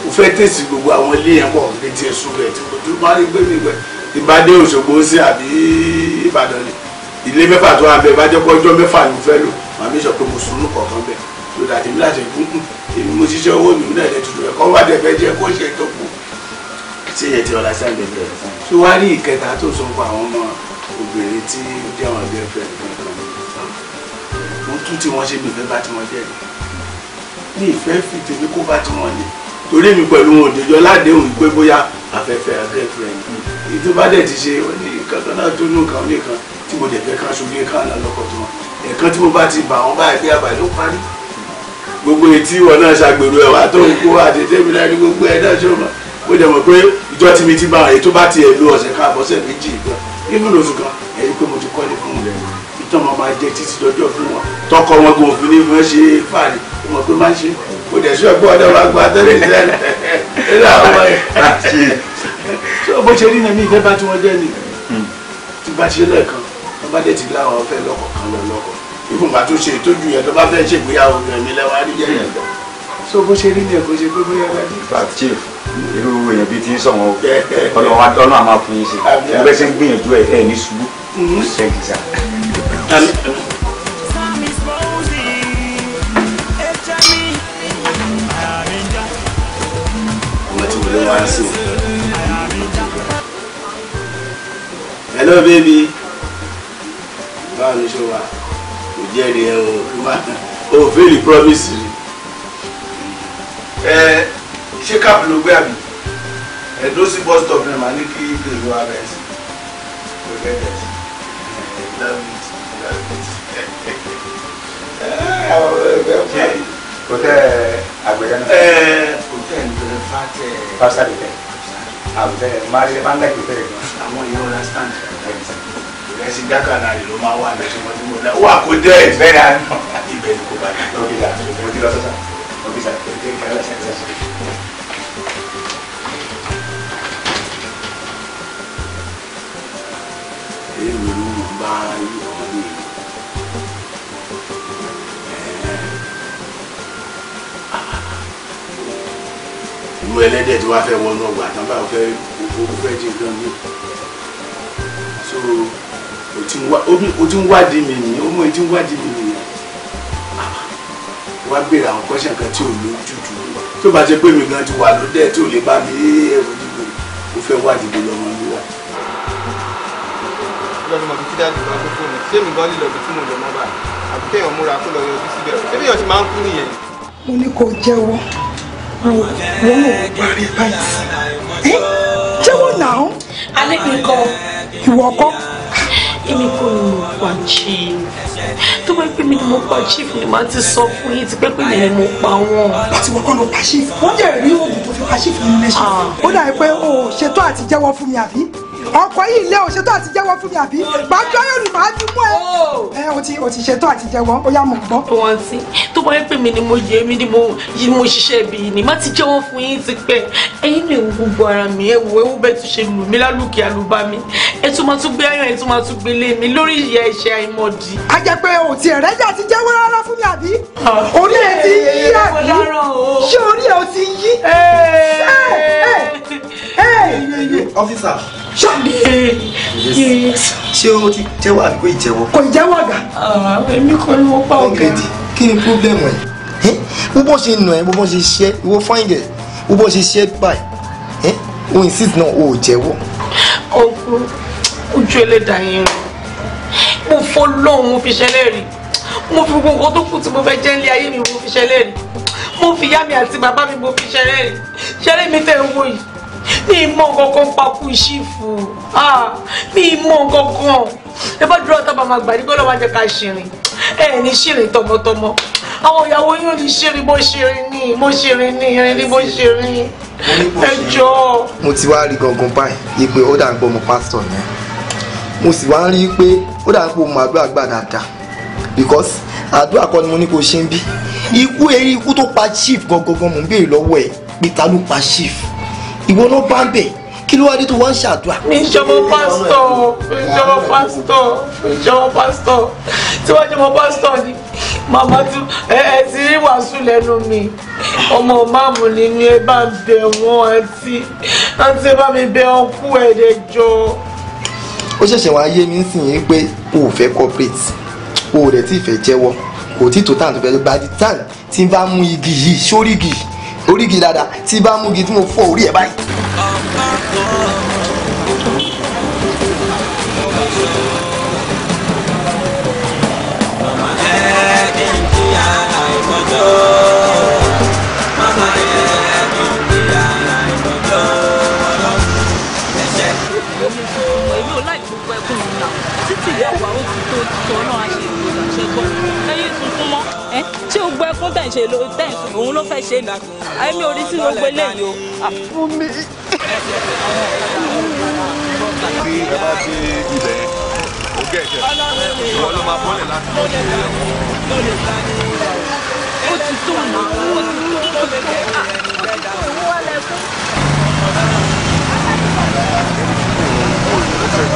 o fẹ́ tẹ̀sí gbogbo àwọn ilé yẹn pọ̀ létí ẹ̀sùn rẹ̀ tí mo tún bá rí gbé mi pẹ̀ ìbádé Òṣogbo sí àbí Ìbàdàn ni ilé mẹ́fà tó wà bẹ́ẹ̀ bá jẹ́ pọ́jọ́ mẹ́fà ló fẹ́ lò màmí sọ pé mo sùn ní kọ̀ọ̀kan bẹ́ẹ̀ tó dà tèmi láti gúngùn èmi mo ṣiṣẹ́ owó mi náà lẹ́tù rẹ̀ kọ́ wá dẹ̀ fẹ́ jẹ́ kó ṣe tó kù ṣé yẹ ti ọ̀la sáàgbẹ̀ bẹ̀rẹ̀ fún un. ṣé wàá rí ìkẹta tó sọ fún àwọn ọmọ obìnrin tí ó jẹ́ àwọn ẹgbẹ́ fẹ́ mo tún tí wọ́n ṣe mi fẹ́ bá tí wọ́n jẹ́ ní ìfẹ́ fi tèmi kó bá tiwọn ni torí mi pẹ̀lú wọn òdèjọ́ ládéhùn pé bóyá afẹ́fẹ́ agẹ́fẹ́rẹ́ni èyí tó bá dẹ̀ ti ṣe òní kankan náà tó nù kan ní kan tí mo dẹ̀ fẹ́ kan ṣubú kan náà lọ́kọ̀ tó wọn ẹ̀ẹ̀kan tí mo bá ti bà wọ́n báyìí pé àbàlẹ́ ó parí gbogbo etí wọn náà ṣàgbèrò ẹ̀wà tó ń kó àtẹ̀tẹ̀ mi láti gbogbo ẹ̀ náà ṣó mọ̀ mo dẹ̀ mọ̀ pé ìjọ tí mi ti bá èyí tó bá ti ẹ̀ lo ọ̀sẹ̀ káàbọ̀sẹ̀ méjì ìgbà nínú oṣù kan ẹ̀yìn pé mo ti kọ́lé fún un lẹ́yìn tó wọn máa jẹ títí lọ́jọ́ fún wọn tọkọ wọn kò fi ní wọn ṣe fàárì wọn pé má ṣe kò dẹ̀ sọ pé ọ̀dọ̀ wa gba tẹ́lẹ̀ ìṣẹ̀lẹ̀ ẹ̀rọ àwọn ọmọ yẹn. bó ṣe rí nàmí ìfẹ́ bá tí wọ́n jẹ́ ni hmm. tí bá ṣe lẹ́ẹ̀kan wọ́n bá dẹ̀ ti láwọn fẹ́ lọ́kọ̀ kan lọ lọ́kọ̀ ìfún bá tó ṣe ìtọ́jú yẹn tó bá fẹ́ ṣègbéyàwó yẹn mi lẹ́wọ̀n á yẹn lọ. so bó ṣe rí ni ẹ̀kọ́ ṣe pé bóyá wá ní. chief irú èèyàn bíi ti ń sọ̀wọ́n ọlọ́run àmà fún yín sí ẹgbẹ́ ṣe ń gbìyànjú ẹ̀ ẹ̀ ní ṣubú ṣẹ́gi hmm. sáà. Hello baby. Báwo ni ṣe wà? Kò jẹ́ rí ẹ o. O fẹ́lì promise mi. Ẹ ṣé káàpù ló gbé àbí? Ẹ̀dó sí bus stop náà màá ní kí ìgbèrò abẹ́ sí. Kò gẹ́gẹ́ sí hotel agbẹ̀dẹ náà. hotel bẹ̀rẹ̀ fàtẹ̀. pásítà de tẹ àbẹ mari manda kìí tẹ̀lé gan. àwọn yìí wọn stand ìrẹsì dákà gbogbo ẹlẹ́dẹ̀ tí wàá fẹ́ wọnú ọgbà tán báwo fẹ́ owó fẹ́ jí nǹkan mi so o ti ń wádìí mi nìyẹn o mọ o ti ń wádìí mi nìyẹn wàá béèrè àwọn kọ́ṣẹ́ kan tí ò lójú jù tó bá jẹ́ pé mi gan ti wà lóde tí ò lè bá mi ẹ̀rù dìbò o fẹ́ wádìí mi lọ́wọ́ mi wà. mi lọ bí lọ mo ní kó jẹ́wọ́ ro wọn ò parí báyìí jẹ́wọ́
náà. alẹ́ mi kọ́. ìwọ kọ́. èmi kò ní mo pa chief tó bá pè mí ni mo pa chief ni màá ti sọ fún yín ti pẹ́ pé mi ni mo pa wọ́n. láti wọ́n kọ́ ló pa chief wọ́n jẹ́ rí oògùn tó fi pa chief nínú ẹ̀ṣẹ̀. Ah. ó dàbí pé o ò ṣètò àti jẹ́wọ́ fún mi àbí ọkọ yìí lé o ṣetán àti jẹ́wọ́ fún mi àbí màá jọ yóò ní màá dùn mọ́ ẹ. o ti o ti ṣetán àti jẹ́wọ́ ó yá mọ̀ gbọ́. wọn ti tó bá yẹ pé mi ni mo yẹ mi ni mo yí mo ṣiṣẹ́ ibi yìí ni má ti jẹ́wọ́ fún yín ti pẹ́ ẹ̀yin lè wo gbogbo ara mi ẹ wo ewu bẹ́ẹ̀ tún ṣe lù mí lálùkì àlùbá mi ẹ tún máa tún gbé ayọ̀ ẹ tún máa tún gbé lé mi lórí ìyá ẹ̀ṣẹ̀ àìmọ̀dì.
a jẹ pé o ti ẹ̀rẹ́ jà ti jẹ́wọ́ rárá fún mi àbí orí ẹ ti yí àbí ṣé orí ẹ ti yí ọ́fíìsà.
ṣáde ṣé o ti jẹ́wọ́ àdúgbò ìjẹ́wọ́. kò ìjẹ́wọ́ àgà. Ah, èmi kò ní wọ́n pa ọ̀gá. kí ni pírọ́blẹ̀mù ẹ̀ wọ́n bọ́ ṣe nù ẹ́ wọ́n bọ́ ṣe ṣe wọ́n fáìn ẹ̀ wọ́n bọ́ ṣe ṣe báyìí o insist náà o ò jẹ́wọ́.
ọ̀gbọ́n ojú ẹlẹ́dàá yẹn mo fọ́ lọ́hùn mo fi ṣẹlẹ̀ rí mo fi gbogbo nǹkan tó kù tí mo fẹ́ jẹ́ nílé ayé mi mo fi ṣẹlẹ̀ rí mo fi yá mi àti bàbá mi mo fi ṣẹlẹ̀ rí ṣẹlẹ̀ mi tẹ̀ ń wò yìí mi mọ̀ kankan papò ah? mi mọ̀ kankan ẹ bá dúró ọtá màmá gbà nígbà lọ́wọ́ ajẹ́ ká ṣìrìn ẹ ní ṣìrìn tọmọtọmọ àwọn ìyàwó yóò ní ṣìrìn bó ṣìrìn ní bó ṣìrìn ní ẹni bó ṣìrìn
ẹ jọ. mo ti wá rí gangan báyìí ipe ó dà ń gbọ́ ọmọ pásítọ̀ yẹn mo sì wá ń rí i pé ó dà ń pò mọ àdúrà gbà dáadáa because àdúrà kọ́ ni mo ní kó ṣe ń bí ikú eré ikú tó pa chief gangan mo ń béèrè lọ́wọ́ ẹ̀ pé ta ló pa chief ìwọ ló bá ń bẹ̀ kí ló wá dé tó wá
ń ṣàdúrà. mi ìjọba pásítọ̀
mi ìjọba pásítọ̀ mi ìjọba pásítọ̀ tí wọ́n jọba pásítọ̀ ni màmá tún ẹ ẹ ti rí wàásù lẹ́nu mi ọmọ máàmù ni mi ẹ bá ń bẹ̀ wọ́n àti àti ẹ bá mi bẹ̀ ọkú ẹ̀ dẹ̀ jọ. ó ṣẹ̀ṣẹ̀ wá yé mi nísìnyí pé o ò fẹ́ corporate o ò dẹ̀ tí ì fẹ́ jẹ́wọ́ kò tí ì tó tàn tó fẹ́ by the time tí n bá mú igi yìí sórí igi yìí orígi dáadáa tí bá mú igi tí mo fọ́ orí ẹ̀ báyìí.
ń ṣe ló tẹ̀ òun ló fẹ́
ṣe náà àyẹ̀mí orí sí gbogbo eléyìí o. fún mi. bí ẹ bá dé ibẹ̀ yẹn ẹ̀jẹ̀ ìwọ ló máa bọ́lẹ̀ láti lọ sí ó ti tó ọ̀nà ó ti tó ó ti ó ti tó ìwọ́lẹ̀kùn.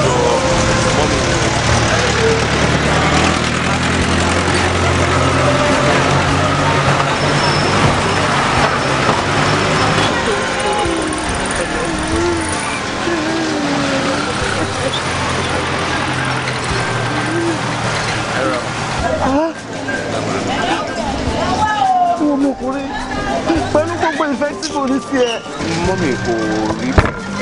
fún ọmọkùnrin pẹ̀lú gbogbo ìfẹ́ tí mo ní sí ẹ. mọ́mì kò rí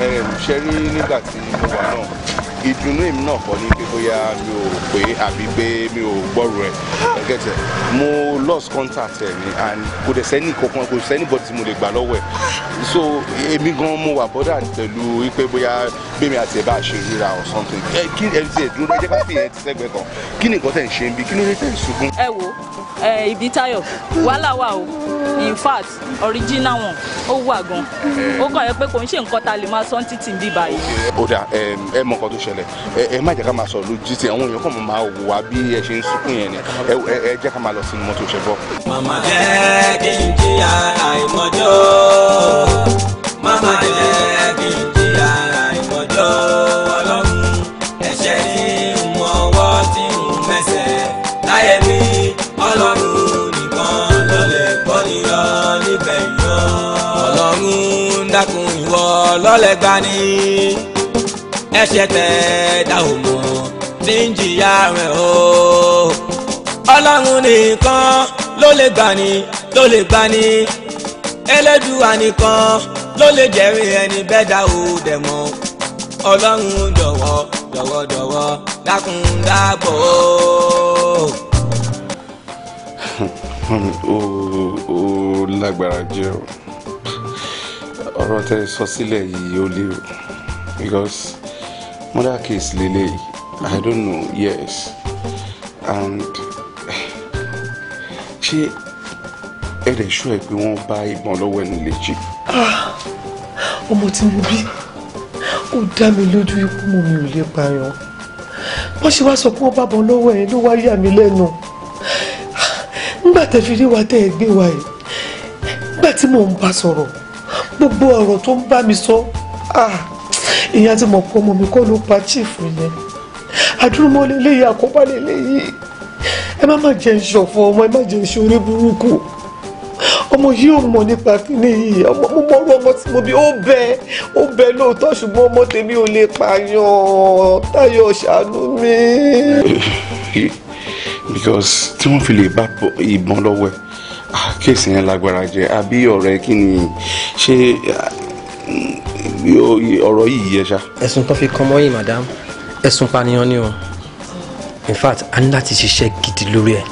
ẹ̀ ṣẹ́rí nígbà tí mo wà náà ìdùnnú èmi náà kọ́ ní pé bóyá mi ò pé àbí pé mi ò gbọ́rù ẹ̀ ẹ̀gẹ́tẹ̀ mo lost contact ẹ̀ ni and kò dẹ̀ sẹ́ni kankan kò sẹ́ni bọ́ tí mo lè gbà lọ́wọ́ ẹ̀ so èmi gan mo wà bọ́dà pẹ̀lú wípé bóyá bẹ́ẹ̀ mi àti ẹ̀ bá ṣe ríra or something ẹ kí ẹ ti ẹ̀ dúró ẹ jẹ́ ká fi ẹ̀ ti sẹ́gbẹ̀ẹ́ kan kí ni nǹkan tẹ̀ ń ṣe ń bí kí ló dé tẹ̀ ń sunkún.
ẹ wo ibi tayo wàhálà wà o in fact original one. ó wà gan ó kàn yẹ pé kò ń ṣe nǹkan ta lè máa sọ títì bí báyìí.
ó dà ẹ mọ nǹkan tó ṣẹlẹ̀ ẹ má jẹ́ ká máa sọ lójú tí àwọn èèyàn kàn máa wò bí ẹ ṣe ń sunkún yẹn ni ẹ jẹ́ ká máa lọ sínú mọ́tò ṣẹ́ bọ́. màmá
jẹ́ kí n jìyà àìmọ́jọ́ màmá jẹ́ kí n jìyà. lẹ gbà ní ẹ̀ṣẹ̀ tẹ̀ dá ò mọ̀ tí ń jìyà rẹ̀ o. ọlọ́run nìkan ló lè gbà ní ló lè gbà ní elédùà nìkan ló lè jẹ́rìí ẹni bẹ́ẹ̀ dá ò dẹ̀ mọ̀ ọlọ́run jọ̀wọ́ jọ̀wọ́ jọ̀wọ́ dákun dábọ̀
o o lágbára
jẹ́ o ọ̀rọ̀ tẹ́ sọ sílẹ̀ yìí ó lé o because murder case lélẹ̀ i don't know yes and ṣé ẹ lè ṣú ẹ pé wọ́n bá ìbọn lọ́wọ́ ẹni lè jí.
Ah, ọmọ tí mo bí ó dá mi lójú ikú mu mi ò lè pààyàn wọ́n ṣe wá sọ pé wọ́n bá bọ́ lọ́wọ́ ẹ̀ ló wá yà mí lẹ́nu ah, nígbà tẹ́ fi rí wa tẹ́ ẹ gbé wa ẹ̀
nígbà tí mò ń bá sọ̀rọ̀ gbogbo ọ̀rọ̀ tó ń bá mi sọ ah, ìyá ti mọ̀ pé ọmọ mi kọ́ ló pa chief yẹn àdúrómọ́lẹ̀ léyìí àkóbálẹ̀ léyìí ẹ má má jẹ́ ìṣọ̀fọ̀ ọmọ ẹ má jẹ́ ìṣòrí burúkú ọmọ yìí ò mọ̀ nípa kíní yìí ọmọ mo mọ̀rú ọmọ tí mo bí ó bẹ ó bẹ lóòótọ́ ṣùgbọ́n ọmọ tèmi ò lè pààyàn Táyọ̀ ṣàánú mi. Eh, because tí wọ́n fi lè bá ìbọn lọ́wọ́ ẹ̀ Ah, kéèsì yẹn lágbára jẹ àbí ọ̀rẹ́ kí ni ṣé ọ̀rọ̀ yìí yẹ ṣá.
ẹ̀sùn tó fi kàn mọ́ yìí madam ẹ̀sùn pànìyàn ni o in fact a ní láti ṣiṣẹ́ gidi lórí ẹ̀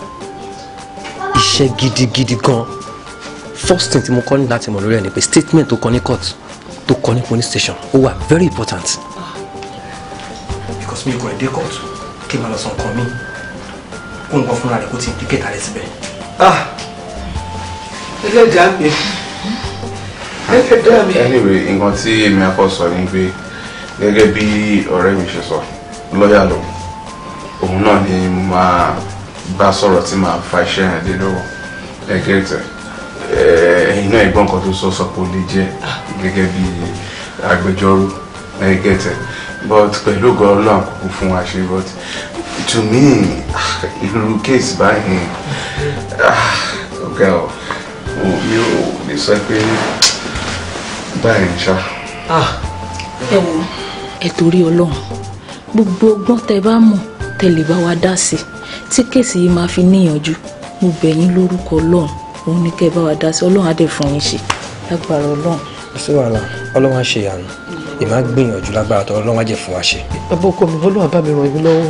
iṣẹ́ gidigidi gan first thing tí mo kọ́ ní láti mọ̀ lórí ẹ̀ ni pé statement tó kọ ní court tó kọ ní police station ó wà very important because mi kò ẹ̀ dé court kí n máa lọ sọ nǹkan mi
kó nǹkan fúnra rẹ̀ kó ti implicate rẹ̀ síbẹ̀ ah anyway nǹkan tí èmi akọ sọ ni pé gẹ́gẹ́ bí ọ̀rẹ́ mi ṣe sọ lọ́ọ̀yà lọ òun náà ni mo máa bá sọ̀rọ̀ tí màá fa iṣẹ́ yẹn dé lọ́wọ́ ẹ̀gẹ́tẹ̀ ẹ̀yin náà ìgbọ́n nǹkan tó sọ sọ pé ó lè jẹ́ gẹ́gẹ́ bí agbẹjọ́rò ẹ̀gẹ́tẹ̀ but pẹ̀lú gan-an kúkú fún wa ṣe but to me ah, irú kéèsì báyìí ọ̀gá ah, ọ̀ o meu, ní sọ pé báyìí ń ṣá.
Ah. ẹ wo
ẹ torí ọlọ́run gbogbo ọgbọ́n tẹ bá mọ̀ tẹ lè bá wa dá sí tí kéèsì yìí máa fi níyànjú mo bẹ̀ yín lórúkọ ọlọ́run òun ni kẹ́ ẹ bá wa dá sí ọlọ́run á dẹ̀ fún yín ṣe lágbára ọlọ́run.
àṣìwàlà ọlọ́run á ṣe ìyanu ìmá gbìyànjú lágbára tọ́ lọ́wọ́ jẹ́ fún wa ṣe. bàbá ọkọ mi ọlọ́run bá mi ràn yín lọ́wọ́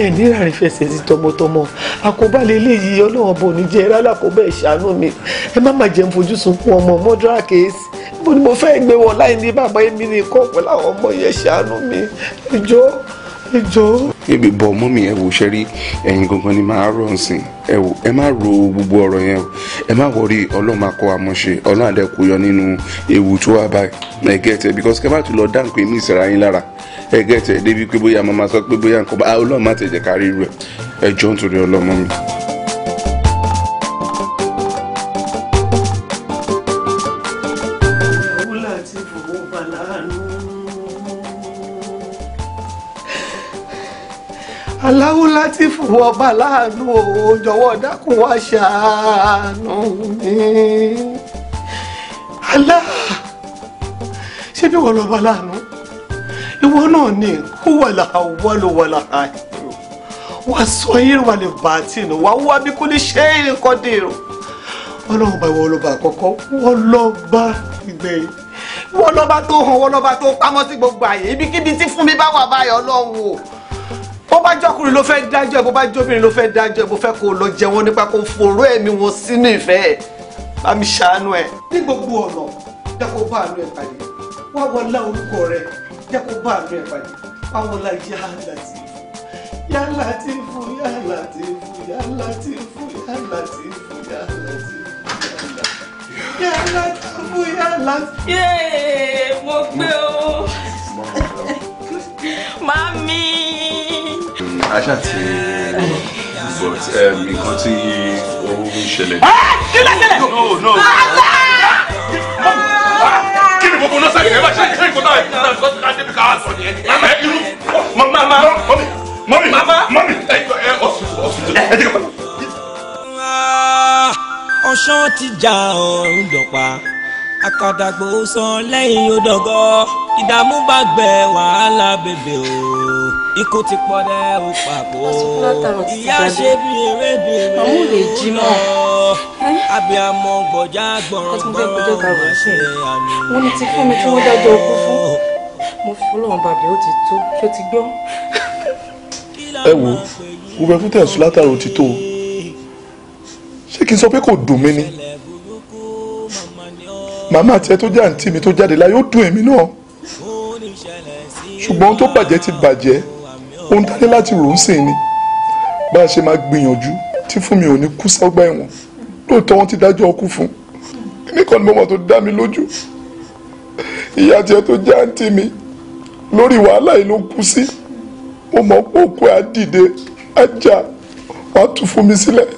ẹ nira rẹ fẹsẹ̀ sí tọmọtọmọ
àkóbá lélẹ̀ yìí ọlọ́run bò ní jẹ́ rálá kó bẹ́ẹ̀ ṣàánú mi ẹ má má jẹun fojú sunkún ọmọ mọ́dúrà kéésì mo ní mo fẹ́ gbé wọn láì ní bàbá èmi nìkan pẹ̀lú àwọn ọmọ yẹn ṣàánú mi ẹjọ́ ẹ jọ. ebi bọ mọ́mì ẹ wò ṣe rí ẹ̀yin gangan ni màá rọ̀ nsìn ẹ wò ẹ má ro gbogbo ọ̀rọ̀ yẹn o ẹ má wọrí ọlọ́run máa kọ́ àmọ́ṣe ọlọ́run àdẹ́kù yọ nínú ewu tó wà báyìí ẹ gẹ́tẹ̀ because kẹ́bà tó lọ dá nǹkan èmi ìsira yín lára ẹ gẹ́tẹ̀ débi pé bóyá màmá sọ pé bóyá nǹkan bá ọlọ́run má tẹ̀jẹ̀ kárí rẹ̀ ẹ jọ nítorí ọlọ́mọ mi. aláwo láti fún ọba láàánú o jọ̀wọ́ dákun wá ṣàánú mi alá ṣé lọba láàánú ìwọ náà ni kú wàlà wọlò wàlà àìrò wà sọ yìí wà lè bá tì nù wà wá bí kò ní ṣe é kọ́ dé o ọlọ́run bá ìwọ lọba àkọ́kọ́ wọ́n lọ́ba ìgbẹ̀yìn wọ́n lọ́ba tó hàn wọ́n lọ́ba tó pamọ́ sí gbogbo àyè ibikíbi tí fún mi bá wà báyọ̀ ọlọ́run o bó bá jọkùnrin ló fẹ́ dájọ́ ẹ̀ bó bá jọbìnrin ló fẹ́ dájọ́ ẹ̀ bó fẹ́ kó lọ jẹ nípa kó foró ẹ̀mí wọn sínú ìfẹ́ ẹ̀ bá mi ṣàánú ẹ̀. ní gbogbo ọ̀nà jẹ́kọ̀ bá àánú ẹ̀ pàdé wá wọlá orúkọ rẹ̀ jẹ́kọ̀ bá àánú ẹ̀ pàdé wá wọlá yá Latifu yá Latifu yá Latifu yá Latifu yá Latifu yá Latifu yá
Latifu yá Latifu. yéé mo gbé o mami aṣá ti
but nǹkan tí owó ń ṣẹlẹ̀.
kí ló no no.
kí ni gbogbo náà sẹ́yìn ẹ bá ṣe ṣe ìkọ́tà ẹ̀ náà ṣe ká débi ká sọ nìyẹn. mama irú mama mami mami mami ẹ ẹ ọsùn ọsùn ẹ jẹ́ ká.
ọ̀sán ti jà ọ̀rùn dọ̀pa àkàdàgbò san lẹ́yìn odògọ́ ìdààmú bá gbẹ wàhálà bèbè o ikú ti pọ̀ dẹ́ o pàpọ̀ ìyá ṣe bí eré bí eré lọ abiyamọ gbọjá gbọràn gbọràn má ṣe àná. wọ́n ti fún mi tí wọ́n dájọ́ òkú fún mo fún lọ́wọ́n
bàbá ó ti tó ṣó ti gbọ́.
ẹ wo gbogbo ẹkún tẹ̀ ń látàrí òtítọ́ ṣé kí n sọ pé kò dùn mí ni màmá tiẹ̀ tó jẹ́ àǹtí mi tó jáde láyé ó dùn èmi náà ṣùgbọ́n ohun tó bàjẹ́ ti bàjẹ́ ohun tá a ní láti rò ó sìn ni bá a ṣe máa gbìyànjú tí fún mi ò ní kú sọ́gbà ẹ̀wọ̀n lóòótọ́ wọn ti dájọ́ ọkú fún nìkan ni mo mọ̀ tó dá mi lójú ìyá tiẹ̀ tó jẹ́ àǹtí mi lórí wàhálà yìí ló kú sí mo mọ̀ pé òkú ẹ̀ á dìde á jà wàá tú fún mi sílẹ̀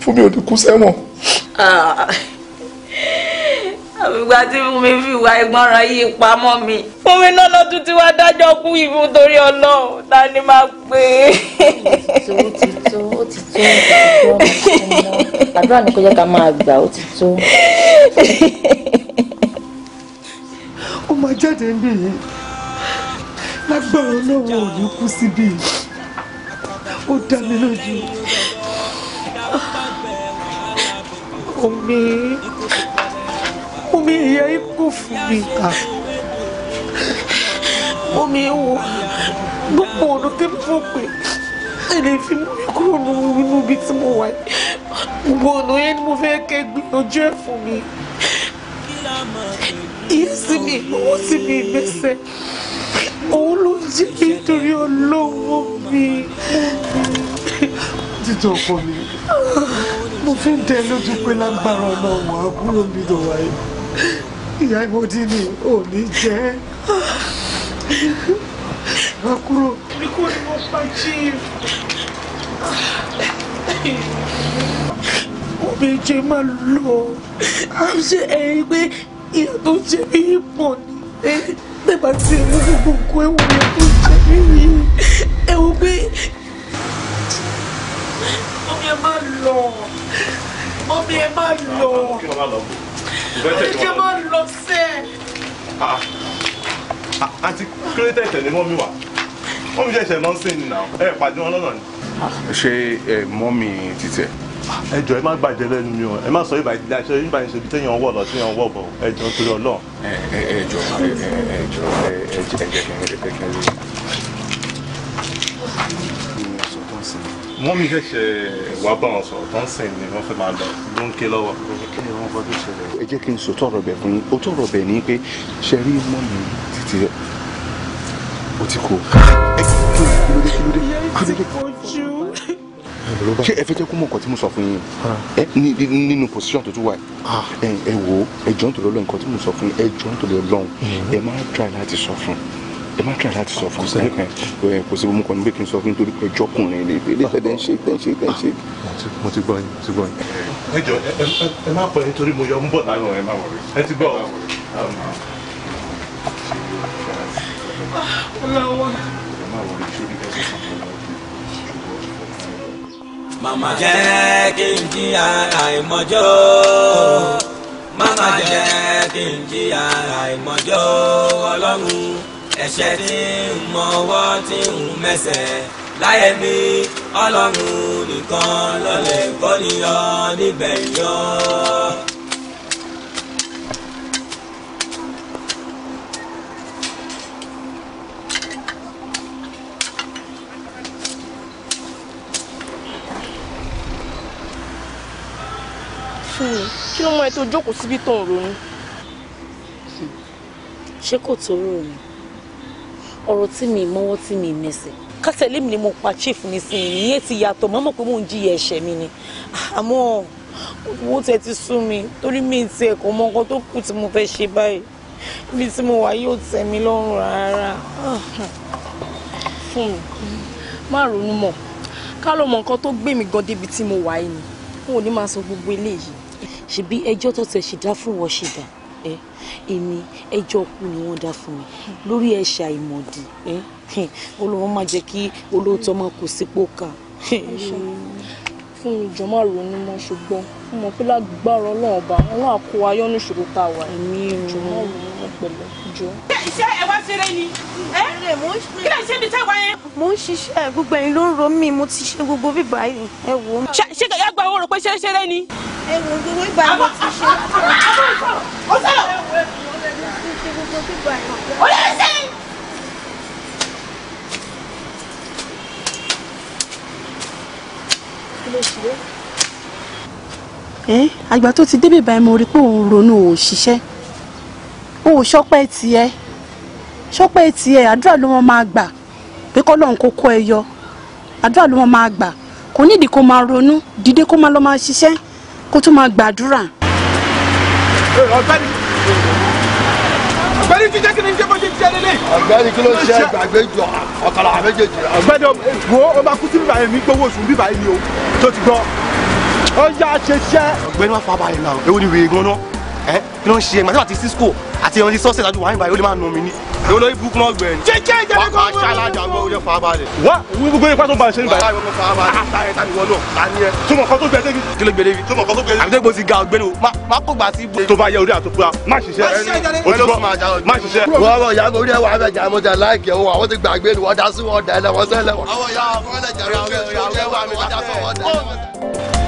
fún mi ò ní kú sẹ́wọ̀n.
Ah àbígbà tí Fúnmi fi wá ìgbọràn yìí pamọ́ mi Fúnmi náà lọ́dún tí wàá dájọ́ kú ìfún torí Ọlọ́run ta ni máa pè é. ó ti tó ó ti tó ó ti tó àdúrà ni kò jẹ́ ká máa gbà ó ti tó. ó máa jáde níbí yìí
lágbára Ọlọ́run ò ní kú síbí yìí ó dá mi lójú.
omi
fún mi ìyá ikú fún mi omi wo gbogbo ọ̀nà tí mo pè ẹni fi mú mi kúrò
nínú ibi tí mo wà gbogbo ọ̀nà yẹn ni mo fẹ́ kẹ́ gbìyànjú ẹ̀ fún mi
ìyá sí mi owó sí mi ìgbésẹ̀
òun ló jẹ́ nítorí olówó mi. títọ́ ọkọ mi mo fi ń dẹ lójú pé lágbára ọlọ́run àbúrò mi lọ wáyé ìyá ìmọ̀dí ni ò ní jẹ́ wá kúrò. mi kò ní mo pa chief.
omi jẹ máa lọ ṣe
ẹyin pé ìyá tó jẹ mí pọ̀ ni nígbà tí ẹ mú gbogbo
nǹkan ẹ̀wọ̀n yẹn tó jẹ mí yìí ẹ pé omi ẹ máa lọ omi ẹ máa lọ ẹjẹ máa lọ sẹ.
àǹtí ah, ah, kílódé
tẹ̀sẹ̀ ni mọ́mí wà mọ́mí tẹ̀sẹ̀ náà sì ní nà ẹ pàdé wọn lọ́nà ni. ṣé ẹ mọ́mí títẹ̀. Ah, ẹ jọ ẹ má gbàjẹ́ lẹ́nu mi o ẹ má sọ ibà ìdílé àṣẹ ibà ìṣe ibi téèyàn wọ̀ lọ téèyàn wọ̀ bọ̀ ẹ jọ torí Ọlọ́run. ẹ ẹ jọ ẹ jọ ẹ jẹ kí n rí mọ́ mi ṣẹ̀ṣẹ̀ wá bá wọn sọ̀rọ̀ tó ń sìn ni wọ́n fẹ́ máa lọ ló ń ké lọ́wọ́. kí ni wọ́n fọdún ṣẹlẹ̀. ẹ jẹ́ kí n sọ tọrọ bẹ̀ fún yín o tọrọ bẹ̀ ni pé ṣe rí mọ́ mi títí o ti kú. kílódé kílódé kílódé ṣé ẹ fẹ́ kó mọ̀ nǹkan tí mo sọ fún yín nínú position tó tún wà ẹ wò ẹ jọ́ nítorí ọlọ́run nǹkan tí mo sọ fún yín ẹ jọ́ nítorí ọlọ́run mm-hmm. ẹ má try láti sọ fún un ẹ má try láti sọ fún mi kò sí mo kàn ní pé kí n sọ fún mi torí pé ọjọ́kùnrin lè pé lẹ́fẹ̀ẹ́ dẹ́ ṣe dẹ́ ṣe dẹ́ ṣe.
Ah, mo ti gbọ́ yín mo ti gbọ́ yín.
ẹ jọ ẹ má pẹ́ nítorí mo yọ ń bọ̀ lánàá ẹ má wọlé ẹ ti gbọ́.
Màmá jẹ́ kí n jí ara ìmọ̀jọ́. Màmá jẹ́ kí n jí ara ìmọ̀jọ́ ọlọ́run ẹ̀ṣẹ̀ tí ń mọwọ́ tí ń mẹsẹ̀ láyé mi ọlọ́run nìkan
lọ́lẹ̀ kó níyọ níbẹ̀ yọ.
fún mi kí ló mọ ẹ tó jókòó síbi tó ń ronú. ṣé kò tó rò ọ̀rọ̀ tí mi mọ́wọ́ tí mi mẹsẹ̀ kátẹ́lẹ́ mi ni mo pa chief mi sí i ìyẹn ti yàtọ̀ mọ́mọ́ pé mò ń jìyà ẹ̀ṣẹ̀ mi ni àmọ́ owó tẹ ti sú mi torí mi ti ẹ̀ kò mọ nǹkan tó kù tí mo fẹ́ ṣe báyìí ibi tí mo wà yóò tẹ́ mi lọ́rùn rárá. fún mi má ronú mọ́ ká ló mọ nǹkan tó gbé mi gan débi tí mo wà yìí ni n ò ní máa sọ gbogbo eléyìí. ṣebí ẹjọ́ tó tẹ̀ ṣì dá fún wọ́n ṣì ẹ eh, èmi ẹjọ́ kú ni wọ́n dá fún mi lórí ẹ̀ṣẹ̀ àìmọ̀dì eh, Ọlọ́run má jẹ́ kí olóòótọ́ máa kó sípò kan. fún mi jọ má ronú mọ́ ṣùgbọ́n mo mọ̀ pé lágbára Ọlọ́run ọba Ọlọ́run àkó ayọ́ níṣòro tá a wà jọ má ronú mọ́ pẹ̀lú jọ iṣẹ́ ẹ wá ṣeré ni kí lè ṣe ibi tẹ́ wá yẹn. mo ń ṣiṣẹ́ gbogbo ẹ̀yin ló ń ro mí mo ti ṣe gbogbo bíbá yìí ẹ wò ó. ṣé ẹ owó rò pé ṣe ṣeré ni. ẹ wò gbogbo bíbá yìí mo ti ṣe.
ó sọ̀rọ̀ ó lè ṣe.
ẹ àgbà tó ti débè báyìí mo rí i pé òun ronú òun ṣiṣẹ́ òun ṣọpẹ́ tiẹ̀ ṣọ́pẹ́ tiẹ̀ àdúrà ló mọ́ máa gbà pé kọ́lọ́n kó kó ẹ yọ àdúrà ló mọ́ máa gbà kò nídìí kó máa ronú dìde kó máa lọ máa ṣiṣẹ́ kó tún máa gbàdúrà.
ọ̀gbẹ́ni ti jẹ́ kí ni jẹ́ bó ṣe jẹ́ lélẹ̀. ọ̀gbẹ́ni kí ló ṣe gbàgbé jọ ọ̀kàlà méjèèjì. ọ̀gbẹ́ni wo o kú sí bíbá yẹn mi gbowó oṣù bíbá yẹn mi o tó ti gbọ́ ó yá ṣe ṣẹ́. ọ̀gbẹ́ni wàá fà báyìí náà ewu ni wèé gan náà ẹ ló ń ṣe màtí àti àti ẹran ti lájú wàhálà ìbáyọ̀ ó lè máa nù mí ní. èwo lórí burúkú náà gbẹ̀yìn. jẹjẹ ìjẹbẹ kọ́ ọ́ ṣáà lájà ọgbọ́n ojú fà á balẹ̀. wá gbogbo ipá tó ba ṣe nígbà. wàhálà ìwọ fà á balẹ̀. àtàyẹ tani wọ́n náà ta ni túmọ̀ kan tó gbẹ débi. kí ló gbẹ débi. túmọ̀ kan tó gbẹ àbí tẹ́gbọ́n ga ọ̀gbẹ́ni o má kó gbà sí. tó bá yẹ orí àtòkúra má ṣiṣẹ́ má ṣiṣẹ́. wọ́n bọ̀ yàgò orí ẹ̀ wà á bẹ̀ jà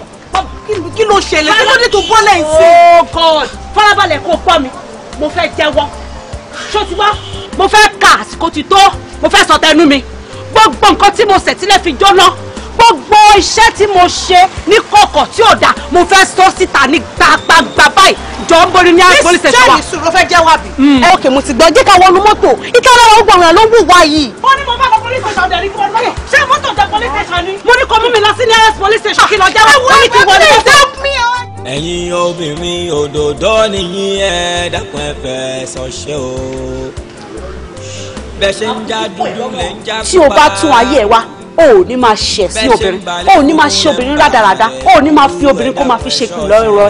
ló ṣẹlẹ̀ kí ló dé tó bọ́lẹ̀ ń sìn. oh god farabalẹ̀ kó pọ̀ mi mo fẹ́ jẹ́wọ́ ṣó ti wá mo fẹ́ kà àsìkò ti tó mo fẹ́ sọ tẹnu mi gbogbo nǹkan tí mo ṣẹ̀ sílẹ̀ fi jóná gbogbo iṣẹ́ tí mo ṣe ní kọ̀kọ̀ tí ò dáa mo fẹ́ sọ síta ní gbagbagba báyìí jọ ń borí ní àgbọ̀lì tẹ̀sán wa. ṣé ìṣòro fẹ́ jẹ́ wàbí. ẹ mm. òkè mo ti gbọ́ jẹ́ ká wọnú mọ́tò ìtọ́lọ́wọ́ gbọ̀ngàn ló wù wá ó ní mo bá kọ police station dẹ̀ ni kí wọ́n lọ. ṣé mọ́tò tẹ police station ni. mo ní kó mú mi lọ sí nearest police station kí lọ jẹ́ wọ́n. ẹ wọ please help me.
ẹ̀yin obìnrin òdòdó nìyí ẹ dákun ẹ fẹ́ sọ ṣé o bẹ́ẹ̀ ṣe ń já dúdú lẹ́ ń já pupa. tí o bá tún ayé ẹ
wá o ò ní máa ṣẹ̀ sí obìnrin o ò ní máa ṣe obìnrin rádaràda o ò ní máa fi obìnrin kó máa fi ṣe kìlọ̀ ẹ̀rọ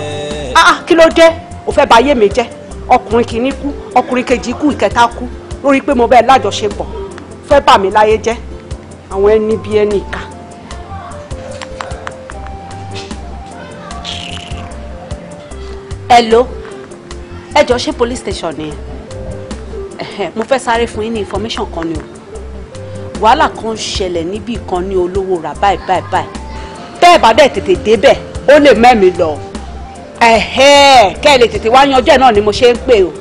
kí ló dé o fẹ́ bà ayé mi jẹ́ ọkùnrin kìíní kú ọkùnrin kejì kú ìkẹta kú lórí pé mo bẹ́ẹ̀ lájọṣepọ̀ fẹ́ bà mí láyé jẹ́ àwọn ẹni bíi ẹni ìka. hello ẹ jọ ṣé police station ni mo fẹ́ sáré fún yín ní information kan ni o wàhálà kan ṣẹlẹ̀ níbì kan ní olówó rà báyìí báyìí báyìí bẹ́ẹ̀ bá bẹ́ẹ̀ tètè débẹ̀ ó lè mẹ́mi lọ kẹ́ ẹ lè tètè wá yanjú ẹ̀ náà ni mo ṣe ń pè o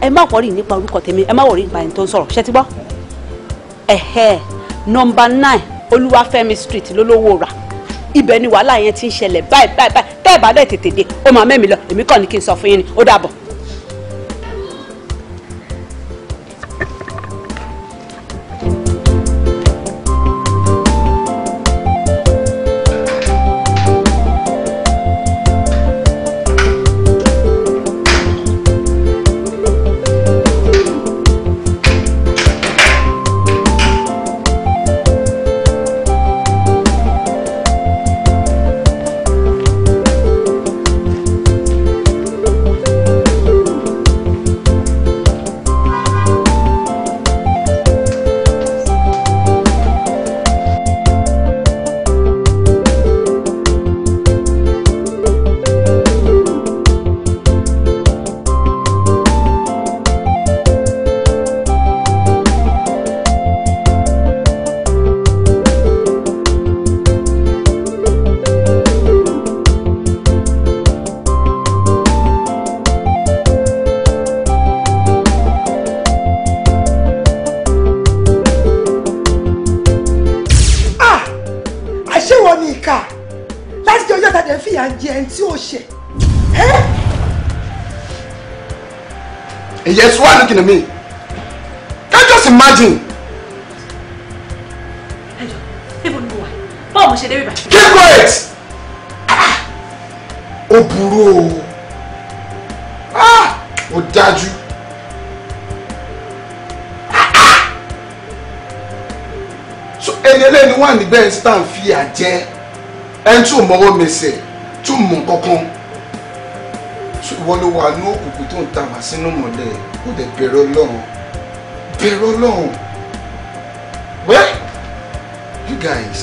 ẹ má wọrí nípa orúkọ tèmi ẹ má wọrí nípa ẹni tó ń sọ̀rọ̀ ṣé ti gbọ́ ẹ̀hẹ́ nọmba nine olúwàfẹ́mi street lólówó rà ibẹ̀ ni wàhálà yẹn ti ń ṣẹlẹ̀ báyìí báyìí báyìí tẹ́ ẹ̀ bá dẹ̀ tètè dé ó máa mẹ́mi lọ èmi kàn ní kí n sọ fún yín ni ó dàbọ̀.
yes, why looking at me? Can you just imagine?
Hello, even boy. Báwo mo ṣe dé bíbá? Keep
quiet! Ah! Ó burú o. Ah! Ó ah, So any ẹlẹ́ni wà níbẹ̀ ń tàn fi àjẹ́ ẹni tí ò mọ́wọ́ mẹsẹ̀ tí ò mọ̀ ìwọ ló wà ní òkùnkùn tó ń ta wá sínú mọ́lẹ̀ ó lè bẹ̀rẹ̀ ọlọ́run bẹ̀rẹ̀ ọlọ́run well you guys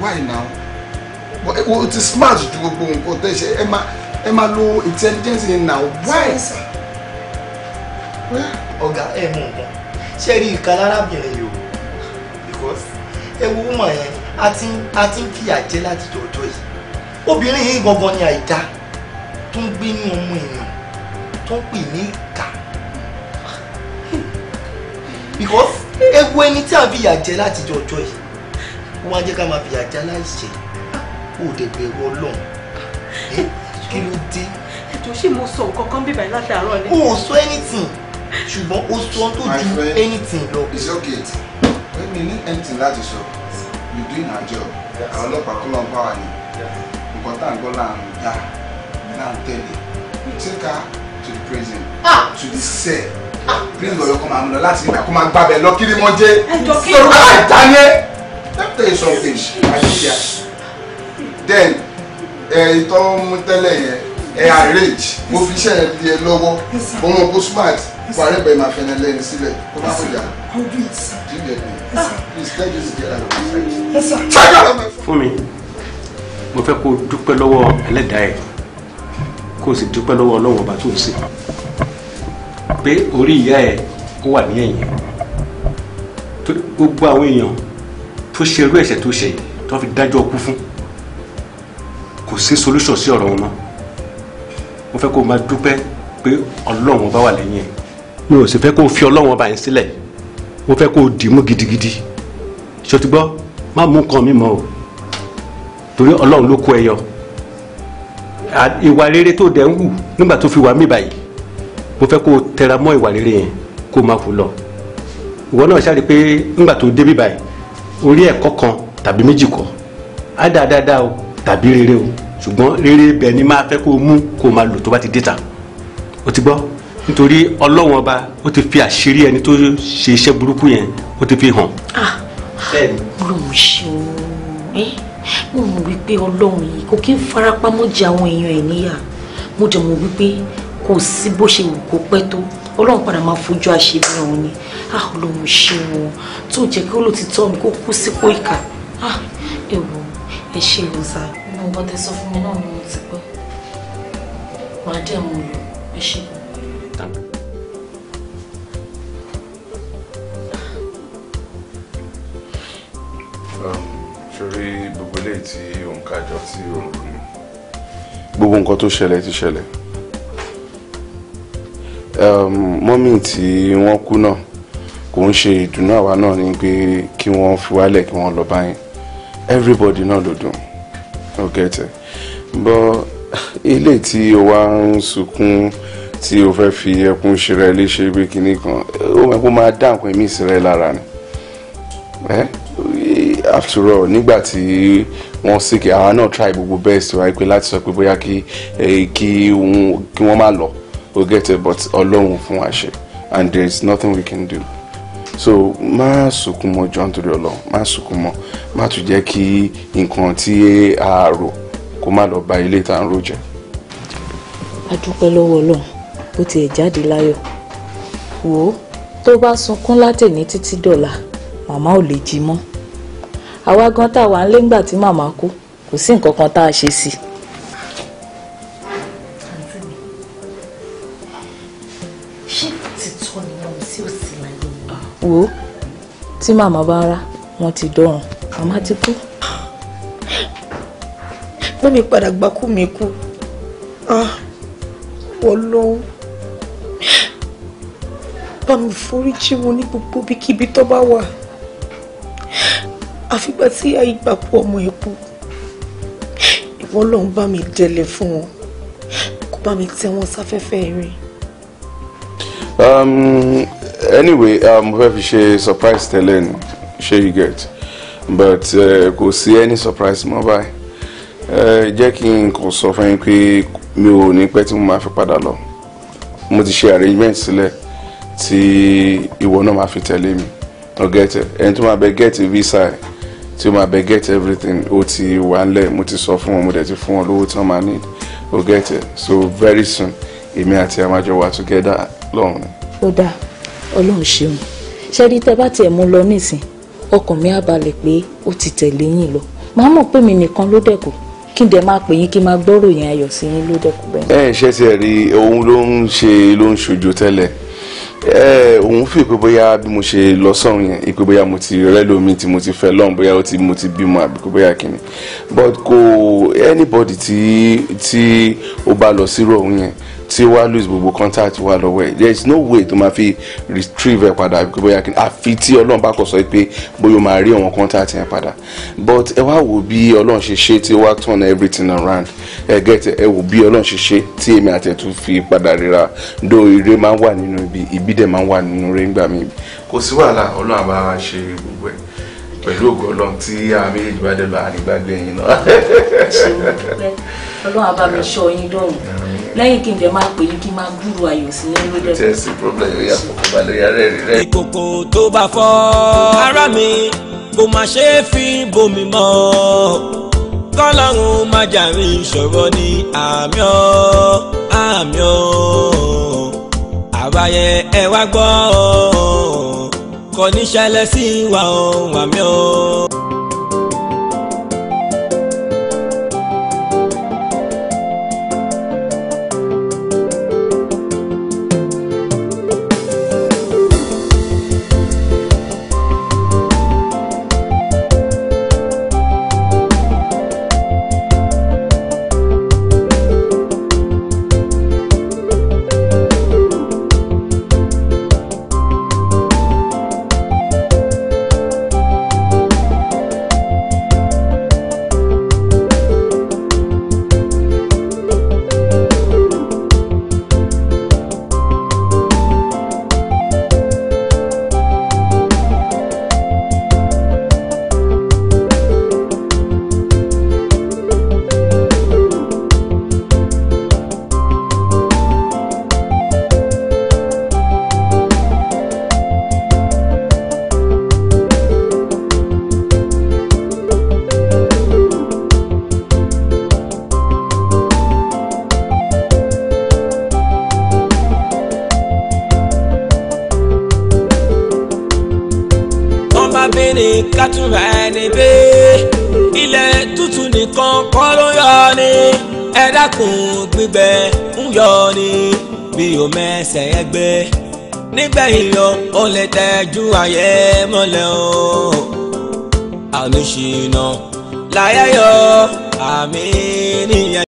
why now o ti smart ju gbogbo nǹkan tẹ́ ṣe ẹ máa ẹ máa lo intelligence yẹn now why. ọ̀gá ẹ mú nǹkan ṣe rí ìka lárábìnrin yìí o because ẹ wo woman yẹn a ti ń fìyà jẹ láti jọjọ yìí obìnrin yìí gangan ni àìdá tó ń gbénú ọmọ èèyàn tó ń pè ní ìkà because ewu ẹni tí a fi yà jẹ láti jọ ọjọ́ yìí wọ́n á jẹ́ ká máa fi yà jẹ aláìṣẹ̀ kó o dẹ̀ bẹ̀rù
kí ló dé. ètò ṣé mo sọ nǹkan kan bíbá látàárọ̀ ni. o ò sọ
anything ṣùgbọ́n o sọ tó ju anything lọ. it's okay when you need anything láti sọ you do your job àwọn ọlọ́pàá kọ́ ló ń bá wa ní nǹkan tá à ń gbọ́ là ń Now I'm telling you, you take her to the prison, ah. to the cell. Bring your come and láti nígbà Come and gbàbẹ̀ Lucky the mọ́ jẹ́. Sọ̀rọ̀ ká ìdáyé. Let me tell you something, my dear. Then, ìtọ́ mú tẹ́lẹ̀ yẹn, ẹ arrange, mo fi iṣẹ́ yẹn di ẹ lọ́wọ́, ọmọ kó smart, kó arẹ́bẹ̀ máa fẹ́ni lẹ́nu sílẹ̀, kó má fòyà.
Fún mi, mo fẹ́ kó dúpẹ́ lọ́wọ́ ẹlẹ́dàá ẹ̀ kó sì dúpẹ́ lọ́wọ́ ọlọ́wọ́ ọba tó ń ṣe pé orí ìyá ẹ ó wà ní ẹ̀yìn gbogbo àwọn èèyàn tó ṣe irú ẹ̀ṣẹ̀ tó ṣe yìí tó fi dájọ́ kú fún kò sí solution sí ọ̀rọ̀ wọn mọ́ mo fẹ́ kó o máa dúpẹ́ pé ọlọ́run ọba wà lẹ́yìn ẹ̀ mi ò sì fẹ́ kó o fi ọlọ́run ọba yẹn sílẹ̀ mo fẹ́ kó o dì mú gidigidi ṣòtúgbọ́ má mú nǹkan mi mọ́ o torí ọlọ́run ló kó ẹ yọ ìwà rere tó dẹ̀ ń wù nígbà tó fi wà mí báyìí mo fẹ́ kó o tẹra mọ́ ìwà rere yẹn kó o máa hù lọ ìwọ náà ṣáà rí i pé nígbà tó dé bí báyìí orí ẹ̀kọ́ kan tàbí méjì kọ́ á dáa dáadáa o tàbí rere o ṣùgbọ́n rere bẹ̀ ni máa fẹ́ kó o mú kó o máa lò tó bá ti dé ta o ti gbọ́ nítorí ọlọ́wọ́n ọba ó ti fi àṣírí ẹni tó ṣe iṣẹ́ burúkú yẹn ó ti fi hàn.
ah
olùmọ̀ṣẹ́ o. Eh? mo mọ̀ wípé ọlọ́run yìí kò kí ń farapamọ́ jẹ àwọn èèyàn ẹ̀ níyà mo dẹ̀ mọ̀ wípé kò sí bó ṣe wù kó pẹ́ tó ọlọ́run padà máa fojú àṣebí ọ̀hún ni ọlọ́run ṣe wọn tó jẹ́ kí olótìtọ́ mi kó kú sípò ìkà ah, ẹ ẹ ṣe ìwọ̀n sá. mo gbọ́dọ̀ sọ fún mi náà ni mo ti gbọ́ màá dẹ̀ mo lò ẹ ṣe.
lè tí òun kájọ tí òun ronú. gbogbo nǹkan tó ṣẹlẹ̀ ti ṣẹlẹ̀ mọ́mì tí wọ́n kú náà kò ń ṣe ìdùnnú àwa náà ni pé kí wọ́n fi wálẹ̀ kí wọ́n lọ báyìí everybody náà ló dùn ó gẹ̀tẹ̀ bọ́ ilé tí o wá ń sunkún tí o fẹ́ fi ẹkún ṣẹlẹ̀ léṣe bí kinní kan ó máa dá nǹkan ẹ̀mí ìṣẹ̀lẹ̀ lára ni. Eh? after all nígbà tí wọ́n sick àwa náà try gbogbo best wa pé láti sọ pé bóyá kí eh, kí wọ́n má lọ we get it but ọlọ́run fún wa ṣe and there is nothing we can do so má sunkún mọ́ jọ nítorí ọlọ́run má sunkún mọ́ má tún jẹ́ kí nǹkan tí a rò kó má lọ bà ilé tá à ń rò jẹ́.
a dúpẹ́ lọ́wọ́ ọlọ́run bó tiẹ̀ jáde láyọ̀ wò ó tó bá sunkún látẹ̀ ní títí dọ̀la màmá ò lè jí mọ́ àwa gan tá a wà nílé ńgbà tí màmá kú kò sí nǹkan kan tá a ṣe sí i. wò ó tí màmá bá rá wọn ti dọrùn màmá ti kú. mọ́mí padà gba kú mi kú ah, wọ́n lọ́wọ́ bá mi foríjì wọn ní gbogbo ibikíbi tó bá wà àfìgbà tí àyígbàpọ̀ ọmọ epo ìwọ lọ́hún bá mi dẹ̀lẹ̀ fún wọn kó bá mi tẹ́ wọn sáfẹ́fẹ́ rìn.
Um, anyway um, mo fẹ́ fi ṣe surprise tẹ́lẹ̀ ni ṣé you get but uh, kò sí any surprise mọ́ báyìí jẹ́ kí n kàn sọ fún yín pé mi ò ní pẹ́ tí mo máa fi padà lọ mo ti ṣe arrangement sílẹ̀ tí ìwọ náà máa fi tẹ̀lé mi ọ̀gẹ́tẹ̀ ẹni tó máa bẹ gẹ́ẹ̀tì visa ẹ̀ tí o máa bẹ get everything o ti wà ń lẹ̀ mo ti sọ fún wọn mo dẹ̀ ti fún wọn lówó tí wọ́n máa need o get it so very soon èmi àti àmàjọ wà together lọ́hùn.
ó dáa ọlọ́run ṣeun ṣe rí tẹ́ bá tiẹ̀ mú lọ nísìn ọkàn mi á balẹ̀ pé ó ti tẹ̀lé yín lọ màá mọ̀ pé mi nìkan ló dẹ̀kù kí n dẹ̀ máa pè yín kí n máa gbọ́ròyìn ayọ̀ sí yín ló dẹ̀kù bẹ́ẹ̀.
ẹ ṣe tiẹ̀ rí ohun ló ń ṣe ló ń ṣojo tẹ́lẹ̀ òun fi pé bóyá bí mo ṣe lọ sọ̀rọ̀ yẹn ìpè bóyá mo ti rẹ́ lómi tí mo ti fẹ́ lọ́n bóyá ó ti mo ti bímọ àbí kó bóyá kìíní but kò anybody tí tí ó bá lọ sírò òun yẹn tí ó wá lose gbogbo contact wa lọ́wọ́ ẹ̀ there is no way tó máa fi retrieve ẹ̀ padà bóyá kí àfi tí ọlọ́run bá kọ sọ pé bóyá o máa rí àwọn contact yẹn padà but ẹ wá wò bí ọlọ́run ṣe ṣe tí ó wá turn everything around ẹ get ẹ wò bí ọlọ́run ṣe ṣe tí èmi àti ẹ̀ tún fi padà ríra do ire máa ń wà nínú ibi ibi dẹ̀ máa ń wà nínú rẹ̀ ńgbà mi. kò sí wàhálà ọlọ́run àbá ṣe gbogbo ẹ̀ pẹ̀lú ògo ọlọ́run tí àwọn méjèèjì bá dẹ̀ lọ ẹ̀yìn náà.
ọlọ́run bá mi ṣọ́ yín lọ́rùn lẹ́yìn kí n dẹ̀ máa pè yín kí n máa gbúrò ayọ̀ sí yín
lórí ẹ̀. tẹ̀sí problem yóò yà kókó balẹ̀ yà rẹ̀ rí rẹ̀. ìkòkò
tó bá fọ́ ara mi kò má ṣe é fi bomi mọ́ kọ́lọ́run má jàre ìṣòro ní àmì ọ́ àmì ọ́ àbáyẹ ẹ wá gbọ́ ọ́ kò ní ṣẹlẹ̀ sí wa ohun àmì o. ìlò ó lè tẹ́jú ayé mọ́lẹ̀ o.